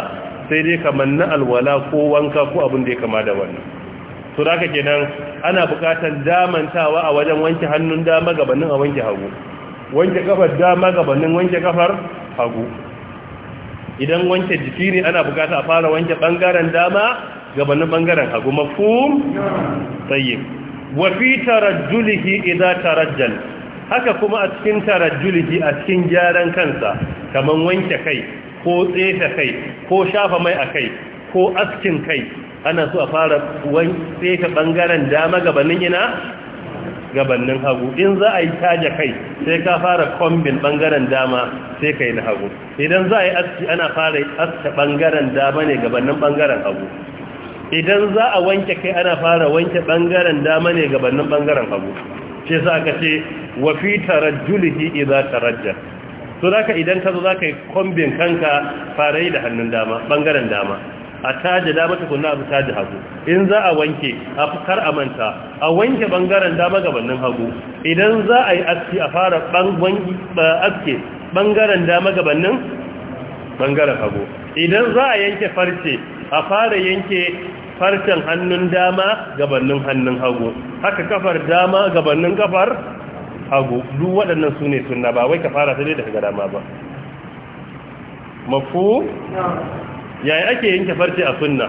sai dai kamar na alwala ko wanka ko abin da ya kama da wannan to da kenan ana buƙatar damantawa a wajen wanke hannun dama gabanin a wanke hagu wanke kafar dama gabanin wanke kafar hagu idan wanke jiki ne ana bukatar a fara wanke bangaren dama gabanin bangaren hagu mafhum tayyib wa fi tarajjulihi idza tarajjal haka kuma a cikin tarajjulihi a cikin gyaran kansa kaman wanke kai ko tsefe kai ko shafa mai a kai ko askin kai ana so a fara sai ka bangaren dama gabanin ina gabanin hagu in za a yi taja kai sai ka fara kombin bangaren dama sai ka yi na hagu idan za a yi aski ana fara aska bangaren dama ne gabanin bangaren hagu idan za a wanke kai ana fara wanke bangaren dama ne gabanin bangaren hagu ce za ka ce wa fi tarajjulihi idza tarajja to zaka idan ka zo zaka yi kombin kanka fara yi da hannun dama bangaren dama a taji dama kunna a taji hagu in za a wanke a kar a manta a wanke bangaren dama gabanin hagu idan za a yi aski a fara aske bangaren dama gabanin bangaren hagu idan za a yanke farce a fara yanke farcen hannun dama gabanin hannun hagu haka kafar dama gabanin kafar hagu duk waɗannan su ne suna ba wai ka fara ta dai daga dama ba mafu yayi ake yanke farce a sunna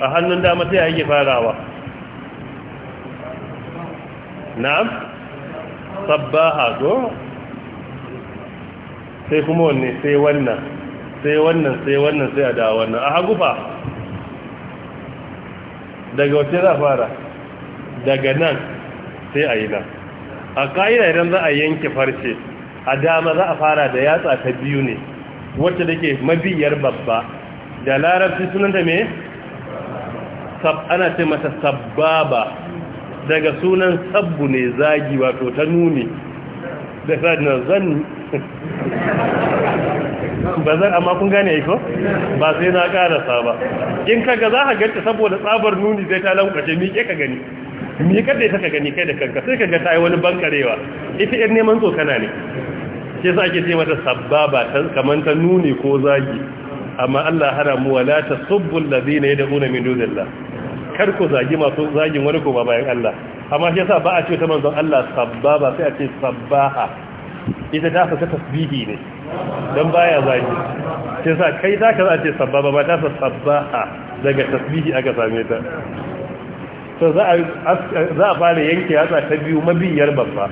a hannun dama sai yake farawa na'am sabbaha go sai kuma wanne sai wannan sai wannan sai wannan sai a da wannan a hagufa daga wace za fara daga nan sai a yi nan a ƙa'ida idan za a yanke farce a dama za a fara da yatsa ta biyu ne wacce take mabiyar babba da larabci sunanta me ana ce mata sababa daga sunan sabbu ne zagi wato ta nuni da sadina zan <laughs> ba zan amma kun gane ko ba sai na karasa ba in kaga za a ganta saboda tsabar nuni zai ta lankwace miƙe ka gani miƙar da ya ka gani kai da kanka sai kaga ta yi wani bankarewa ita yar neman tsokana ne shi yasa ake ce mata sababa ta kaman ta nuni ko zagi amma Allah hana mu wala ta, subbul ladina yad'una min dunillah kar ku zagi masu zagin wani ko bayan Allah amma shi yasa ba a ce ta manzon Allah sababa sai a ce sabbaha ita ta fasa tasbihi ne dan baya zagi sai sa kai za ka ce sababa ba ta sa sabbaha daga tasbihi aka same ta to za a za a fara yanke hatsa ta biyu mabiyar babba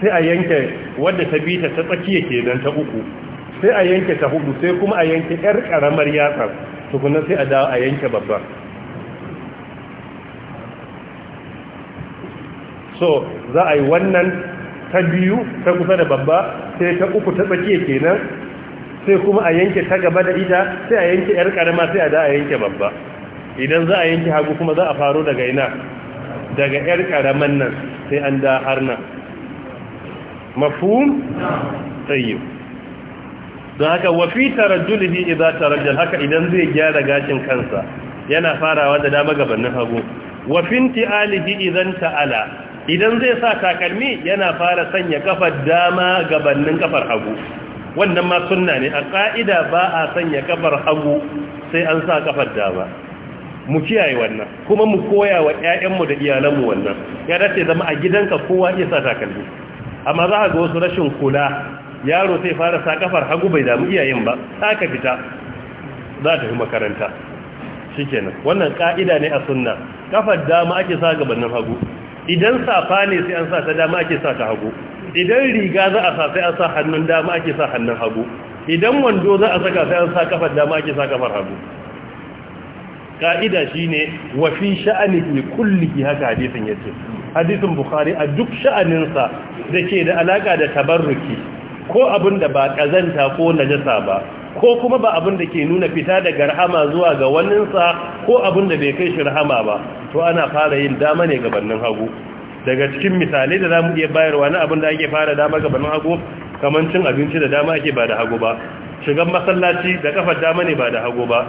sai a yanke wadda ta bita ta tsakiya kenan ta uku sai a yanke ta hudu sai kuma a yanke yar karamar yatsa tukunan sai a dawo a yanke babban so za a yi wannan ta biyu ta kusa da babba sai ta uku ta tsakiya kenan sai kuma a yanke ta gaba da ita sai a yanke yar karama sai a dawa a yanke babba idan za a yanke hagu kuma za a faro daga ina daga yar karaman nan sai an da har nan mafhum tayyib don haka wafi tarajjulihi idza tarajjal haka idan zai gyara gashin kansa yana farawa da dama gabanin hagu Wafin alihi idan ta'ala idan zai sa takalmi yana fara sanya kafar dama gabanin kafar hagu wannan ma sunna ne a ka'ida ba a sanya kafar hagu sai an sa kafar dama mu kiyaye wannan kuma mu koya wa 'ya'yanmu da iyalanmu wannan ya dace zama a gidanka kowa iya sa takalmi amma za a ga wasu rashin kula yaro sai fara sa kafar hagu bai damu iyayen ba aka fita za ta fi makaranta kenan wannan ka'ida ne a sunna kafar dama ake sa gabanin hagu idan safa ne sai an sa ta dama ake sa ta hagu idan riga za a sa sai an sa hannun dama ake sa hannun hagu idan wando za a saka sai an sa kafar dama ake sa kafar hagu ka'ida shi shine wa fi kulli kullihi haka hadisin ce hadisin bukhari a duk sha'aninsa da ke da alaka da tabarruki ko abin da ba kazanta ko najasa ba ko kuma ba abin da ke nuna fita daga rahama zuwa ga waninsa ko abin da bai kai shi rahama ba to ana fara yin dama ne gabanin hagu daga cikin misalai da zamu iya bayarwa na abin da ake fara dama gabanin hagu kamar cin abinci da dama ake ba da hagu ba shigan masallaci da kafar dama ne ba da hagu ba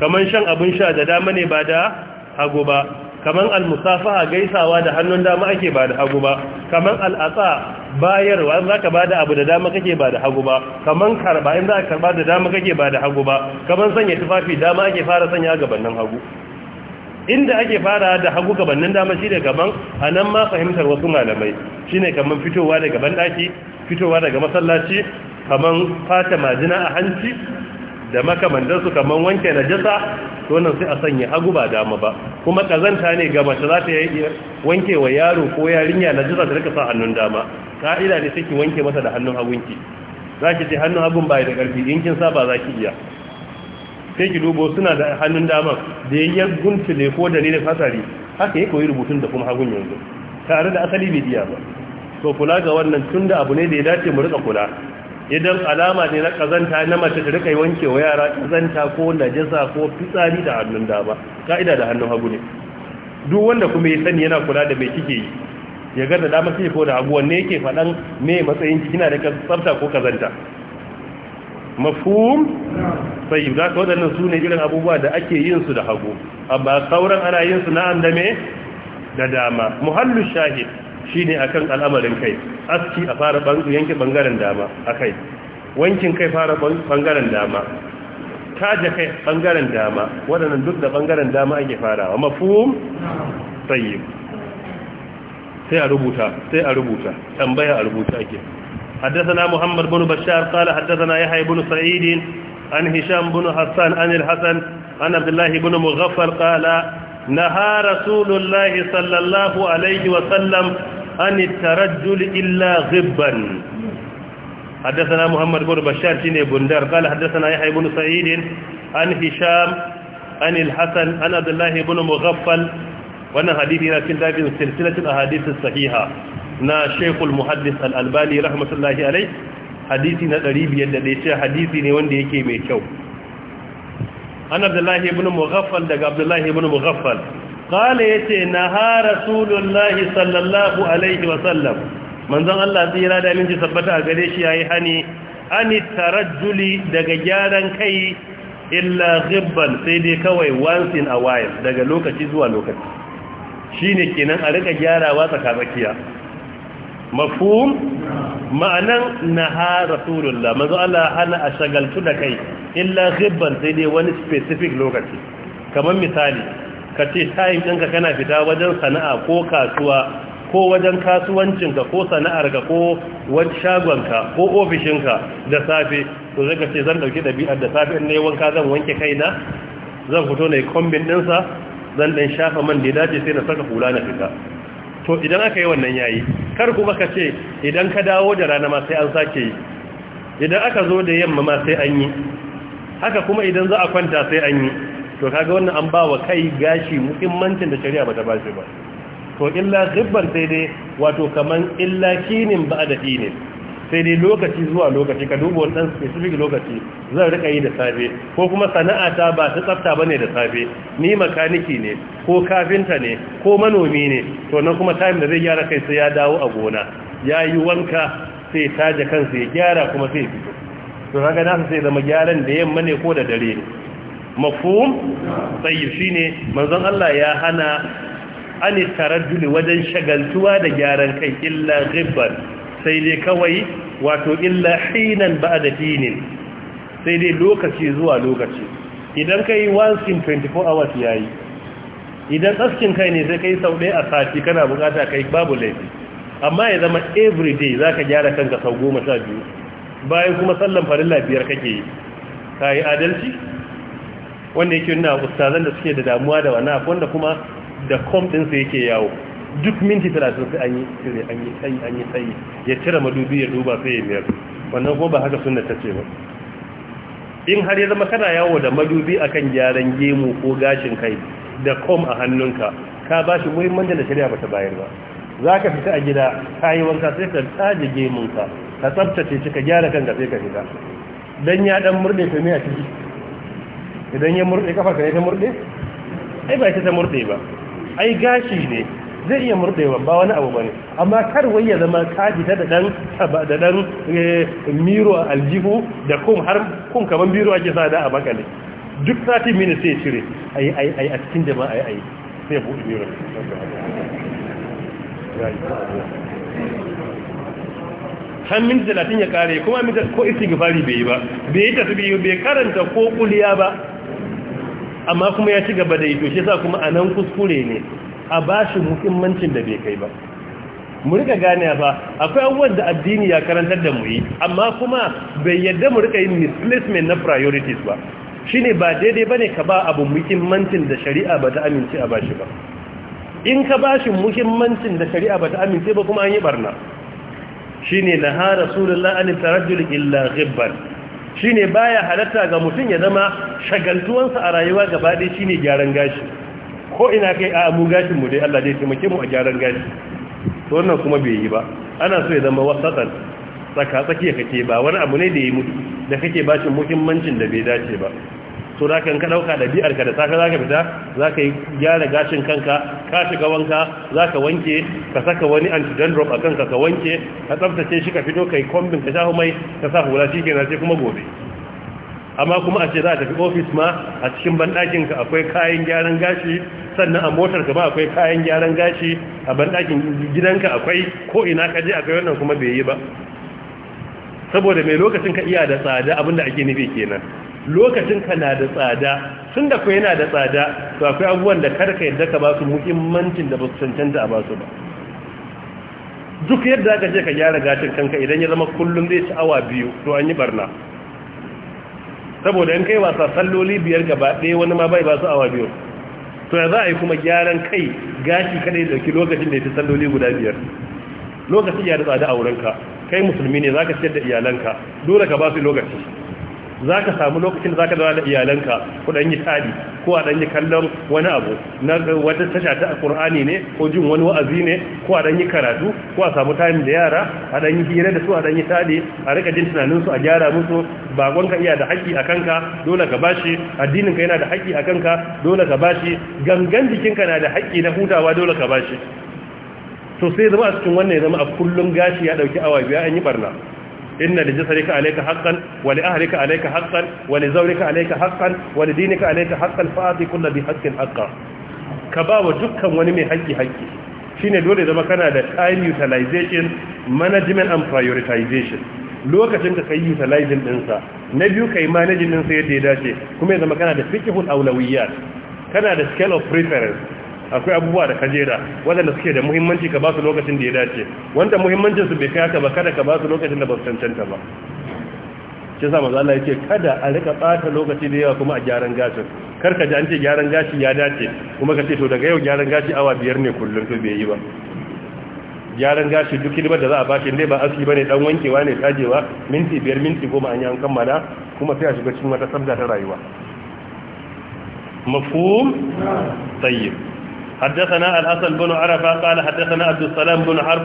kaman shan abin sha da dama ne ba da hagu ba kaman almusafaha gaisawa da hannun dama ake ba da hagu ba kaman al'asa bayarwa ka zaka da abu da dama kake ba da hagu ba kaman karba in zaka karba da dama kake ba da hagu ba kaman sanya tufafi dama ake fara sanya gabanin hagu inda ake fara da hagu gabanin dama shi ne kaman anan ma fahimtar wasu malamai shine kaman fitowa daga bandaki fitowa daga masallaci kaman fata majina a hanci da makamandansu, kaman wanke na jasa, to nan sai a sanya hagu ba dama ba kuma kazanta ne ga mace za ta wanke wa yaro ko yarinya na jasa ta rika sa hannun dama ka'ida ne sai ki wanke masa da hannun hagunki za ki ce hannun hagun ba da ƙarfi in kin saba za ki iya sai ki dubo suna da hannun dama da ya guntule ko dalilin hasari haka ya koyi rubutun da kuma hagun yanzu tare da asali bidiya ba to kula ga wannan tun da abu ne da ya dace mu rika kula idan alama ne na kazanta na mace ta rika wanke wa yara kazanta ko najasa ko fitsari da hannun dama ka'ida da hannun hagu ne duk wanda kuma ya sani yana kula da mai kike yi ya ga da dama kike ko da hagu wanne yake faɗan me matsayin ki kina da tsafta ko kazanta mafhum sai da ka sune irin abubuwa da ake yin su da hagu amma sauran ana yin su na andame da dama muhallu shahid shine akan al'amarin kai aski a fara yanke bangaren dama a kai wankin kai fara bangaren dama taja kai bangaren dama waɗannan duk da bangaren dama ake fara farawa mafuhum sai a rubuta sai a rubuta tambaya a rubuta ake Haddasa na muhammad bin bashar qala haddathana yahya bin sa'idin an hisham bin Hassan an al-hasan an abdullah ibn mughaffar qala نهى رسول الله صلى الله عليه وسلم عن الترجل إلا غبا حدثنا محمد بن بشار بن بندر قال حدثنا يحيى بن سعيد عن هشام عن الحسن عن عبد الله بن مغفل وانا حديثنا في باب سلسلة الأحاديث الصحيحة نا شيخ المحدث الألباني رحمة الله عليه حديثنا قريب يدى حديثي ني وندي يكي مي كيو an abdullahi ibn mughaffal daga abdullahi ibn mughaffal qala yace naha rasulullahi sallallahu alaihi wa sallam manzon Allah tsira da minci sabbata a gare shi yayi hani ani tarajjuli daga gyaran kai illa ghibban sai dai kawai once in a while daga lokaci zuwa lokaci shine kenan a rika gyarawa tsakatsakiya mafhum ma'anan naha rasulullah manzo Allah hana a shagaltu da kai illa ghibban sai dai wani specific lokaci kamar misali ka ce time ɗinka kana fita wajen sana'a ko kasuwa ko wajen kasuwancinka ko sana'arka ko wani shagonka ko ofishinka da safe to zai ka ce zan ɗauki ɗabi'ar da safe in nayi wanka zan wanke kaina zan fito na yi kombin ɗinsa zan ɗan shafa man da ya dace sai na saka hula na fita to idan aka yi wannan yayi kar kuma ka ce idan ka dawo da rana ma sai an sake yi idan aka zo da yamma ma sai an yi haka kuma idan za a kwanta sai an yi to kaga wannan an bawa kai gashi muhimmancin da shari'a bata ba shi ba to illa ghibban sai dai wato kaman illa kinin ba da dinin sai dai lokaci zuwa lokaci ka duba wani ɗan specific lokaci zan rika yi da safe ko kuma sana'a ta ba ta tsafta ba ne da safe ni makaniki ne ko kafinta ne ko manomi ne to nan kuma time da zai gyara kai sai ya dawo a gona ya yi wanka sai ta taje kansa ya gyara kuma sai fito to kaga nasa sai zama gyaran da yamma ne ko da dare ne mafhum tayyib shine manzon Allah ya hana ani tarajjuli wajen shagaltuwa da gyaran kai illa ghibban sai dai kawai wato illa hinan ba da dinin sai dai lokaci zuwa lokaci idan ka yi once in 24 hours ya idan askin kai ne sai ka sau ɗaya a sati kana bukata kai babu laifi amma ya zama every day za ka gyara kanka sau goma sha biyu bayan kuma sallan farilla biyar kake yi ka yi adalci wanda yake nuna ustazan da suke da damuwa da wani wanda kuma da kom ɗinsa yake yawo duk minti 30 an yi tsire an yi tsayi an yi tsayi ya cire madubi ya duba sai ya biyar. wannan kuma ba haka sunna ta ce ba in har ya zama kana yawo da madubi akan gyaran gemu ko gashin kai da kom a hannunka ka ba shi muhimmancin da shari'a bata bayar ba za ka fita a gida ka yi wanka sai ka tsaje gemunka ka tsabtace shi ka gyara kanka sai ka fita dan ya dan murde ka ne a ciki idan ya murde kafa ka ne ta murde ai ba ita ta murde ba ai gashi ne zai iya murdewa ba wani abu bane amma kar wai ya zama ka fita da dan da dan eh, miro aljihu da kun har kun kaman biro ake sa da a bakale duk 30 minutes sai cire ai ai ai a cikin jama'a ai ai sai ya buɗe miro har min ya kare kuma min ko istighfari bai yi ba bai yi tasbihu bai karanta ko kuliya ba amma kuma ya ci gaba da yi to shi yasa kuma anan kuskure ne a shi muhimmancin da bai kai ba mu rika gane ba akwai abubuwan da addini ya karantar da mu yi amma kuma bai yadda mu rika yin misplacement na priorities ba shine ba daidai ne ka ba abu muhimmancin da shari'a ba ta amince a bashi ba in ka bashi muhimmancin da shari'a ba ta amince ba kuma an yi barna shine naha rasulullah an tarajjul illa ghibban shine baya halatta ga mutum ya zama shagaltuwansa a rayuwa gaba ɗaya shine gyaran gashi ko ina kai a mu gashin mu dai Allah zai taimake mu a gyaran gashi to wannan kuma bai yi ba ana so ya zama wasatan tsaka tsakiya kake ba wani abu ne da ya mutu da kake ba shi muhimmancin da bai dace ba to da ka dauka dabi'ar ka da za zaka fita zaka yi gyara gashin kanka ka shiga wanka zaka wanke ka saka wani anti-dandruff a kanka ka wanke ka tsaftace shi ka fito kai kombin ka sha mai ka sa hula kenan sai kuma gobe amma kuma a ce za a tafi ofis ma a cikin banɗakin ka akwai kayan gyaran gashi sannan a motar ka ma akwai kayan gyaran gashi a banɗakin gidanka akwai ko ina ka je akwai wannan kuma bai yi ba saboda mai lokacin ka iya da tsada abinda ake nufi kenan lokacin ka na da tsada tun da kai yana da tsada to akwai abubuwan da kar ka yadda ka ba su muhimmancin da ba su cancanta a ba su ba duk yadda ka je ka gyara gashin kanka idan ya zama kullum zai ci awa biyu to an yi barna saboda in kai wasa salloli biyar gaba ɗaya wani ma bai ba su awa biyu to ya za a yi kuma gyaran kai gashi kadai dauki lokacin da ya fi salloli guda biyar lokacin ya da tsada a wurinka kai musulmi ne za ka ciyar da iyalanka dole ka ba su lokaci za ka samu lokacin za ka zara da iyalanka ko ɗan yi ko a ɗan kallon wani abu na wata tasha ta ƙur'ani ne ko jin wani wa'azi ne ko a ɗan karatu ko a samu time da yara a ɗan hira da su a ɗan yi a rika jin tunaninsu a gyara musu ka iya da haƙƙi a kanka dole ka bashi addininka yana da haƙƙi a kanka dole ka bashi gangan jikinka na da haƙƙi na hutawa dole ka bashi to sai zama a cikin wannan ya zama a kullum gashi ya ɗauki awa biya an yi barna inna li jasadika alayka haqqan wa li ahlika alayka haqqan wa li zawrika alayka haqqan wa li dinika alayka haqqan fa'ati kullu bi haqqin haqqa ka ba wa dukkan wani mai haƙƙi haƙƙi shine dole zama kana da time utilization management and prioritization lokacin ka kai utilizing ɗinsa, na biyu kai managing dinsa yadda ya dace kuma ya zama kana da fiqhul awlawiyat kana da scale of preference akwai abubuwa da kajera waɗanda suke da muhimmanci ka ba su lokacin da ya dace wanda muhimmancin su bai kai haka ba kada ka ba su lokacin da ba su cancanta ba shi sa manzo Allah yake kada a rika bata lokaci da yawa kuma a gyaran gashin kar ka ji an ce gyaran gashi ya dace kuma ka ce to daga yau gyaran gashi awa biyar ne kullum to bai yi ba gyaran gashi duk hidimar da za a bashi ne ba aski bane dan wankewa ne tajewa minti biyar minti goma an yi an kammala kuma sai a shiga cikin wata sabda ta rayuwa mafhum tayyib حدثنا الحسن بن عرفة قال حدثنا عبد السلام بن حرب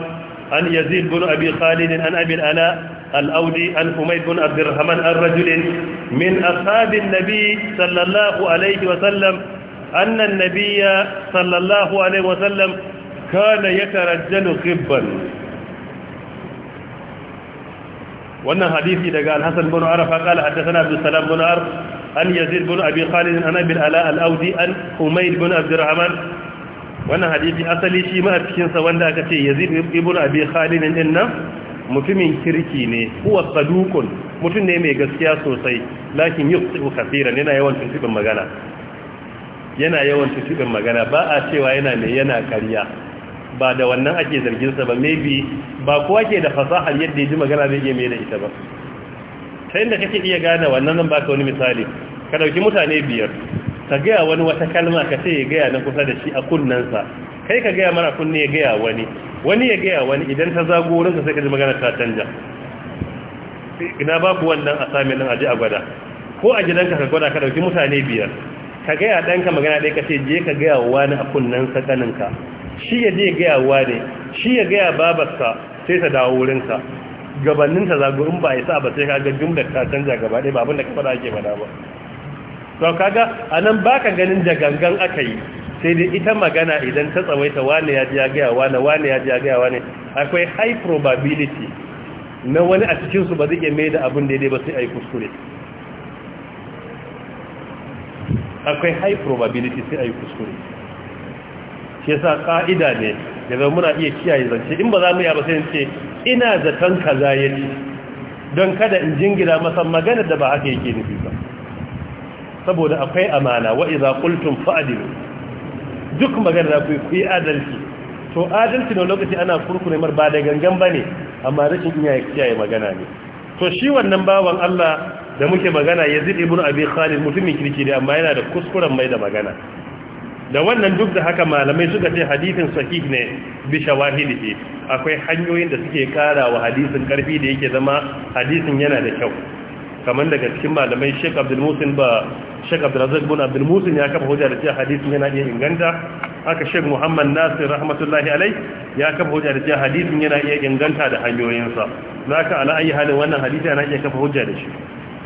عن يزيد بن أبي خالد عن أبي الألاء الأودي عن حميد بن عبد الرحمن الرجل من أصحاب النبي صلى الله عليه وسلم أن النبي صلى الله عليه وسلم كان يترجل خبا. وأن حديث إذا قال الحسن بن عرفة قال حدثنا عبد السلام بن Arf عن يزيد بن أبي خالد عن أبي الألاء الأودي عن حميد بن عبد الرحمن wannan hadisi asali shi ma a cikinsa wanda aka ce yazid ibn abi khalid din nan mutumin kirki ne huwa saduqun mutum ne mai gaskiya sosai lakin yuqtu kaseeran yana yawan tuntuɓin magana yana yawan tuntuɓin magana ba a cewa yana mai yana ba da wannan ake zargin sa ba maybe ba kowa ke da fasahar yadda ya ji magana zai iya mai da ita ba ta inda kake iya gane wannan zan baka wani misali ka dauki mutane biyar ka gaya wani wata kalma ka ce ya gaya na kusa da shi a kunnansa kai ka gaya mara kunne ya gaya wani wani ya gaya wani idan ta zago wurinsa sai ka ji magana ta canja ina babu wannan a sami nan aji a gwada ko a gidanka ka gwada ka dauki mutane biyar ka gaya ɗanka magana ɗaya ka ce je ka gaya wani a kunnensa kaninka shi ya je gaya wani shi ya gaya babarsa sai ta dawo wurinka ta zago in ba ya sa ba sai ka ga jumlar ta canja gaba ɗaya ba abin da ka faɗa ake faɗa ba to kaga anan baka ganin da gangan aka yi sai dai ita magana idan ta tsawaita wane ya ji ya gaya na wane ya ji ya gaya ne? akwai high probability na wani a cikinsu ba zai iya mai da abin daidai ba sai a yi kuskure akwai high probability sai a yi kuskure shi yasa ka'ida ne daga muna iya kiyaye zance in ba za mu yi ba sai ce ina zaton kaza ya ci don kada in jingira masa magana da ba haka yake nufi ba saboda akwai amana wa idza qultum fa'dilu duk magana da ku yi adalci to adalci ne lokaci ana kurkure mar ba da gangan bane amma rashin iya kiyaye magana ne to shi wannan bawan Allah da muke magana Yazid ibn Abi Khalid mutumin kirki ne amma yana da kuskuren mai da magana da wannan duk da haka malamai suka ce hadisin sahih ne bi shawahidihi akwai hanyoyin da suke kara hadisin karfi da yake zama hadisin yana da kyau kamar daga cikin malamai Sheikh Abdul Musin ba Sheikh Abdul bin Abdul ya kafa hujja da cewa hadisin yana iya inganta haka Sheikh Muhammad Nasir rahmatullahi alai ya kafa hujja da cewa hadisin yana iya inganta da hanyoyinsa zaka ala ayi halin wannan hadisi yana iya kafa hujja da shi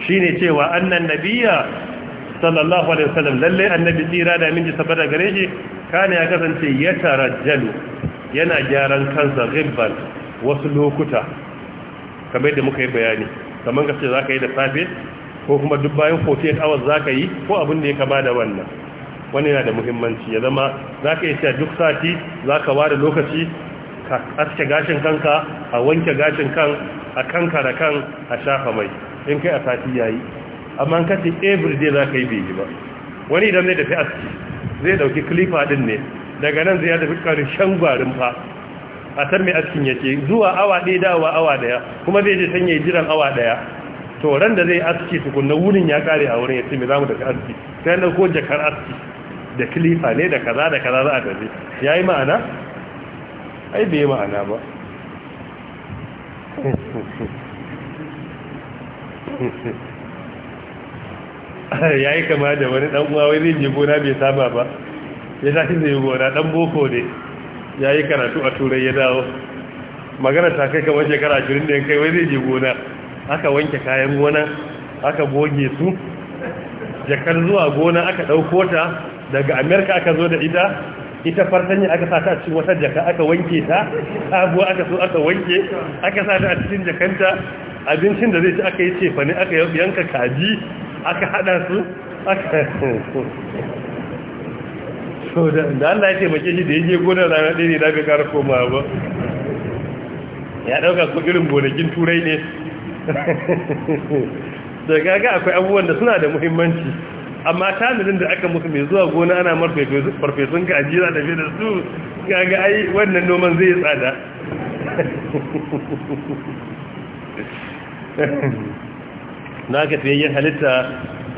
shine cewa annan nabiyya sallallahu alaihi wasallam lalle annabi tsira da minji saboda gare shi kana ya kasance ya tarajjalu yana gyaran kansa ghibban wasu lokuta kamar da muka yi bayani kamar ka ce za ka yi da safe ko kuma duk bayan 48 hours za ka yi ko abin da ya kama da wannan wani yana da muhimmanci ya zama za ka yi cewa duk sati za ka ware lokaci ka aske gashin kanka a wanke gashin kan a kanka da kan a shafa mai in kai a sati ya yi amma ka ce every day za ka yi bai ba wani idan zai tafi aski zai dauki clipper din ne daga nan zai ya tafi shan gwarin fa a san mai askin yake zuwa awa ɗaya dawa awa ɗaya kuma zai je can ya jiran awa ɗaya to ran da zai aski tukunna wurin ya kare a wurin ya ce me za mu aski sai na ko jakar aski da kilifa ne da kaza da kaza za a gaji ya yi ma'ana ai bai yi ma'ana ba <laughs> ya yi kama da wani ɗan uwa wai zai je gona bai saba ba ya shi zai yi gona ɗan boko ne ya yi karatu a turai ya dawo magana ta kai kamar shekara 20 da kai wai zai je gona aka wanke kayan gona aka goge su jakar zuwa gona aka ɗauko ta daga amerika aka zo da ita ita fartanya aka sa ta cikin wata jaka aka wanke ta sabuwa aka so aka wanke aka sa ta a cikin jakanta abincin da zai ci aka yi cefa ne aka yanka kaji aka hada su aka da Allah ya taimake shi da ya je gonar rana ɗaya ne da bai ƙara koma ba ya ɗauka ko irin gonakin turai ne <laughs> da gaga akwai abubuwan da suna da muhimmanci amma tanadin da aka musu mai zuwa gona ana farfesun ajiyar da tafi da su gaga ai wannan noman zai tsada <laughs> na ga yin halitta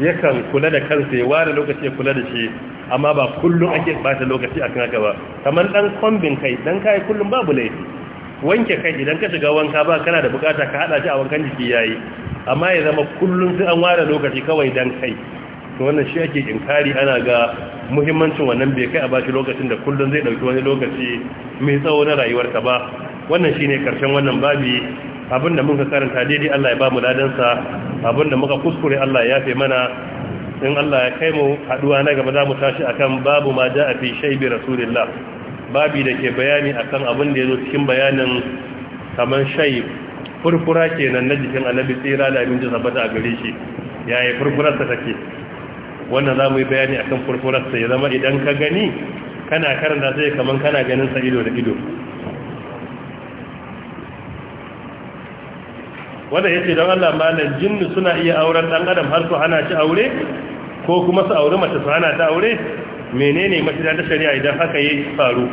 yakan kula da kansa ya ware lokaci ya kula da shi amma ba kullum ake bata lokaci a haka ba kamar dan kombin kai dan kai kullum babu laifi wanke kai idan ka shiga wanka ba kana da bukata ka hada shi a wankan jiki yayi amma ya zama kullum sai an ware lokaci kawai dan kai to wannan shi ake inkari ana ga muhimmancin wannan bai kai a bashi lokacin da kullum zai dauki wani lokaci mai tsawo na rayuwarka ba wannan shine karshen wannan babi abinda muka karanta daidai Allah ya ba mu sa abinda muka kuskure Allah ya yafe mana in Allah ya kai mu haduwa na gaba za mu tashi akan babu ma ja a fi shaibi rasulillah babi da ke bayani akan abin da ya zo cikin bayanin kamar shai furfura ke nan na jikin annabi tsira da abin jisa bata a gare shi yaya furfurarsa take wannan za mu yi bayani akan furfurarsa ya zama idan ka gani kana karanta sai kamar kana ganin sa ido da ido wanda ya ce don Allah malam jinnu suna iya auren ɗan adam har su hana shi aure ko kuma su aure mace su hana ta aure menene mafita ta shari'a idan haka ya faru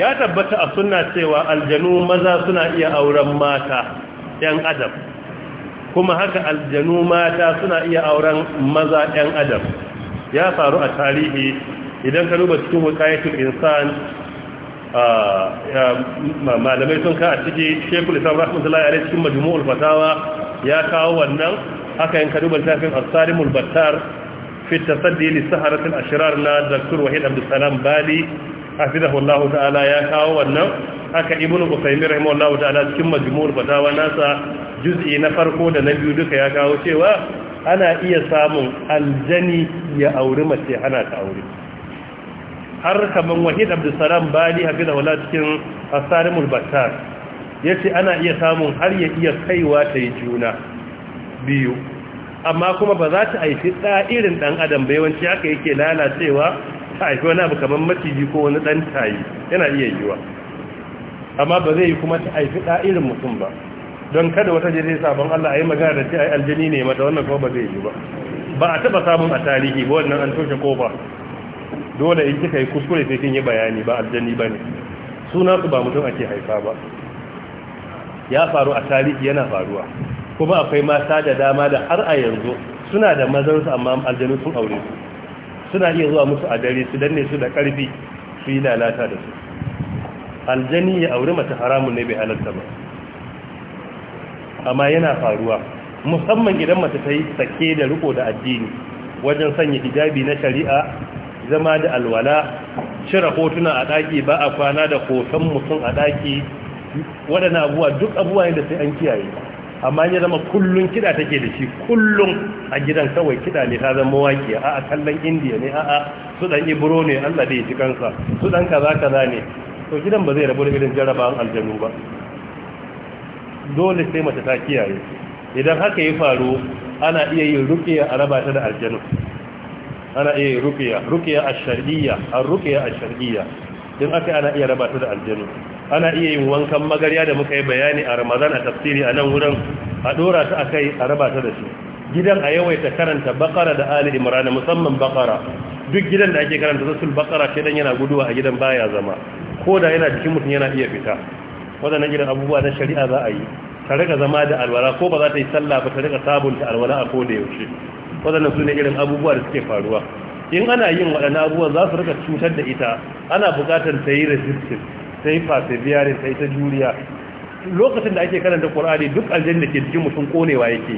ya tabbata a sunna cewa aljanu maza suna iya auren mata ɗan adam kuma haka aljanu mata suna iya auren maza ɗan adam ya faru a tarihi idan ka duba cikin wakayatul insan malamai sun ka a ciki shekul islam rahmatullahi alaihi cikin majmu'ul fatawa ya kawo wannan haka yin ka tafin asarimul battar fi tasaddi li saharatil ashrar na dr wahid abdussalam bali hafizahu allah ta'ala ya kawo wannan haka ibn usaymin rahimahullah ta'ala cikin majmu'ul fatawa nasa juz'i na farko da na biyu duka ya kawo cewa ana iya samun aljani ya auri mace hana ta aure har kamar wahid abdulsalam bali da wala cikin asarimul battar ya ce ana iya samun har ya iya kaiwa ta yi juna biyu amma kuma ba za ta haifi ɗa'irin ɗan adam ba yawanci haka yake lalacewa ta haifi wani abu kamar maciji ko wani ɗan tayi yana iya yiwa amma ba zai yi kuma ta haifi ɗa'irin mutum ba don kada wata jirgin sabon Allah ayi magana da ce a yi aljini ne mata wannan kuma ba zai yi ba ba a taɓa samun a tarihi ba wannan an toshe ko ba dole in kika yi kuskure sai kin yi bayani ba aljanni bane suna su ba mutum ake haifa ba ya faru a tarihi yana faruwa kuma akwai mata da dama da har a yanzu suna da mazan su amma Aljani sun aure su suna iya zuwa musu a dare su danne su da karfi su yi lalata da su aljani ya aure mace haramun ne bai halarta ba amma yana faruwa musamman idan mace ta yi sake da riko da addini wajen sanya hijabi na shari'a zama da alwala cire hotuna a ɗaki ba a kwana da hoton mutum a ɗaki waɗannan abuwa. duk abuwa da sai an kiyaye amma ya zama kullum kiɗa take da shi kullum a gidan kawai kiɗa ne ta zama a a'a kallon indiya ne a'a su ɗan ibro ne allah da ya kansa su ɗan kaza kaza ne to gidan ba zai rabu da irin jarabawan aljanu ba dole sai mace ta kiyaye idan haka ya faru ana iya yin rukiya a raba ta da aljanu ana iya rukiya rukiya a shar'iyya ar rukiya shar'iyya din aka ana iya raba ta da aljanu ana iya yin wankan magarya da muka yi bayani a ramadan a tafsiri a nan wurin a dora ta akai a raba ta da shi gidan a yawaita karanta baqara da ali imran musamman baqara duk gidan da ake karanta sul bakara sai dan yana guduwa a gidan baya zama ko da yana cikin mutum yana iya fita wadannan gidan abubuwa na shari'a za a yi tare ka zama da alwala ko ba za ta yi sallah ba ta rika sabunta alwala a ko da yaushe waɗannan su ne irin abubuwa da suke faruwa in ana yin waɗannan abubuwa za su rika cutar da ita ana buƙatar ta yi resistance ta yi perseverance ta yi ta juriya lokacin da ake karanta ƙur'ani duk aljan da ke cikin mutum ƙonewa yake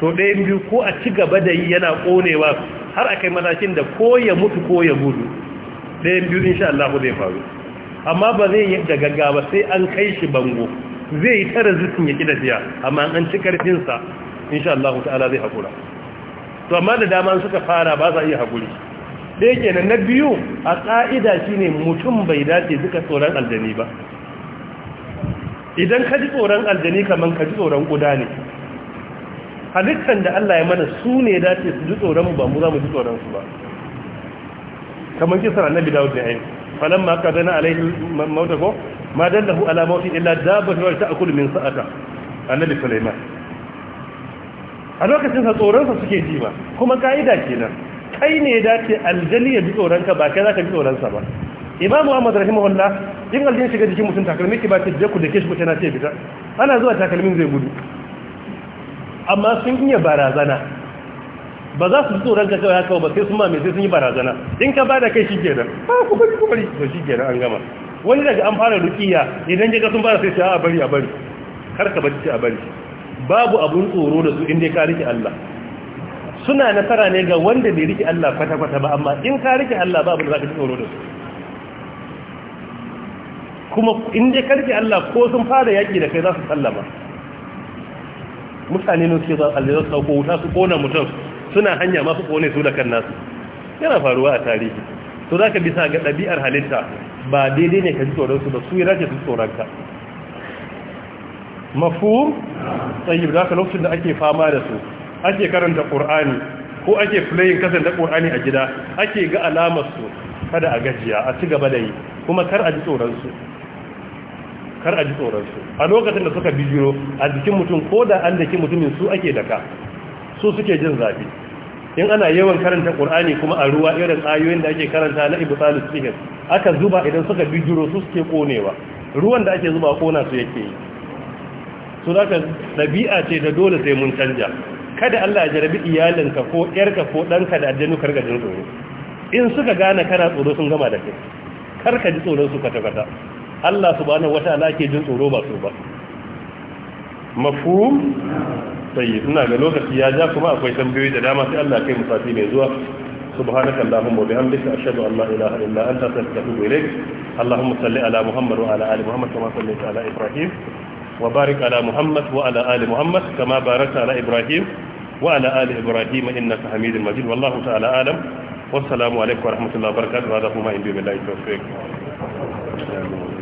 to ɗayan biyu ko a ci gaba da yi yana ƙonewa har a kai matakin da ko ya mutu ko ya gudu ɗayan biyu insha Allah zai faru amma ba zai yi gaggawa sai an kai shi bango zai yi ta zikin ya ƙi da amma an ci karfinsa insha Allah ta'ala zai haƙura to amma da dama suka fara ba za iya haƙuri da yake na biyu a ƙa'ida shine mutum bai dace duka tsoron aljani ba idan ka ji tsoron aljani kamar ka ji tsoron guda ne halittar da Allah ya mana su ne dace su ji tsoron ba mu za mu ji tsoron su ba kamar kisar annabi dawud da yayin falan ma ka zana alaihi mauta ma dallahu ala mauti illa dabbatu wa ta'kulu min sa'ata annabi sulaiman a lokacin sa tsoronsa suke ji ba kuma ka'ida kenan kai ne ya dace aljani ya ji tsoronka ba kai za ka ji tsoronsa ba imamu ahmad rahimahullah yin aljani shiga jikin mutum takalmi ki ba ta je ku da ke shi na ce fita ana zuwa takalmin zai gudu amma sun iya barazana ba za su ji tsoron ka kawai haka ba sai sun me sai sun yi barazana in ka bada kai shi nan? ba ku bari ku bari to shi nan an gama wani daga an fara rukiya idan ya ga sun fara sai sai a bari a bari kar ka bari a bari babu abun tsoro da su inda ka rike Allah suna nasara ne ga wanda bai rike Allah kwata-kwata ba amma in ka rike Allah babu da za ka tsoro da su kuma inda ka rike Allah ko sun fara yaƙi da kai za su sallama mutane ne suke za a zai sauko wuta su kona mutum suna hanya masu kone su da kan nasu yana faruwa a tarihi to za ka bisa ga ɗabi'ar halitta ba daidai ne ka ji tsoron su ba su yi rage su tsoron ka mafhum tayyib da lokacin da ake fama da su ake karanta qur'ani ko ake playing kasan da qur'ani a gida ake ga alamar kada a gajiya a ci gaba da yi kuma kar a ji tsoron su kar a ji tsoron su a lokacin da suka bijiro a jikin mutum ko da an dake mutumin su ake daka su suke jin zafi in ana yawan karanta qur'ani kuma a ruwa irin ayoyin da ake karanta na ibtalu sihr aka zuba idan suka bijiro su suke konewa ruwan da ake zuba kona su yake yi su zaka ɗabi'a ce da dole sai mun canja kada Allah ya jarabi iyalinka ko ƴarka ko ɗanka da aljanu karka jin tsoro in suka gane kana tsoro sun gama da kai karka ji tsoron su kwata kwata Allah su wata ala ke jin tsoro ba su ba mafhum tayyib ina ga lokaci ya ja kuma akwai tambayoyi da dama sai Allah kai musafi mai zuwa سبحانك اللهم وبحمدك أشهد أن لا إله إلا أنت أستغفرك إليك اللهم صل على محمد وعلى آل محمد كما صليت على إبراهيم وبارك على محمد وعلى آل محمد كما باركت على إبراهيم وعلى آل إبراهيم إنك حميد مجيد والله تعالى أعلم والسلام عليكم ورحمة الله وبركاته هذا هو ما عندي بالله التوفيق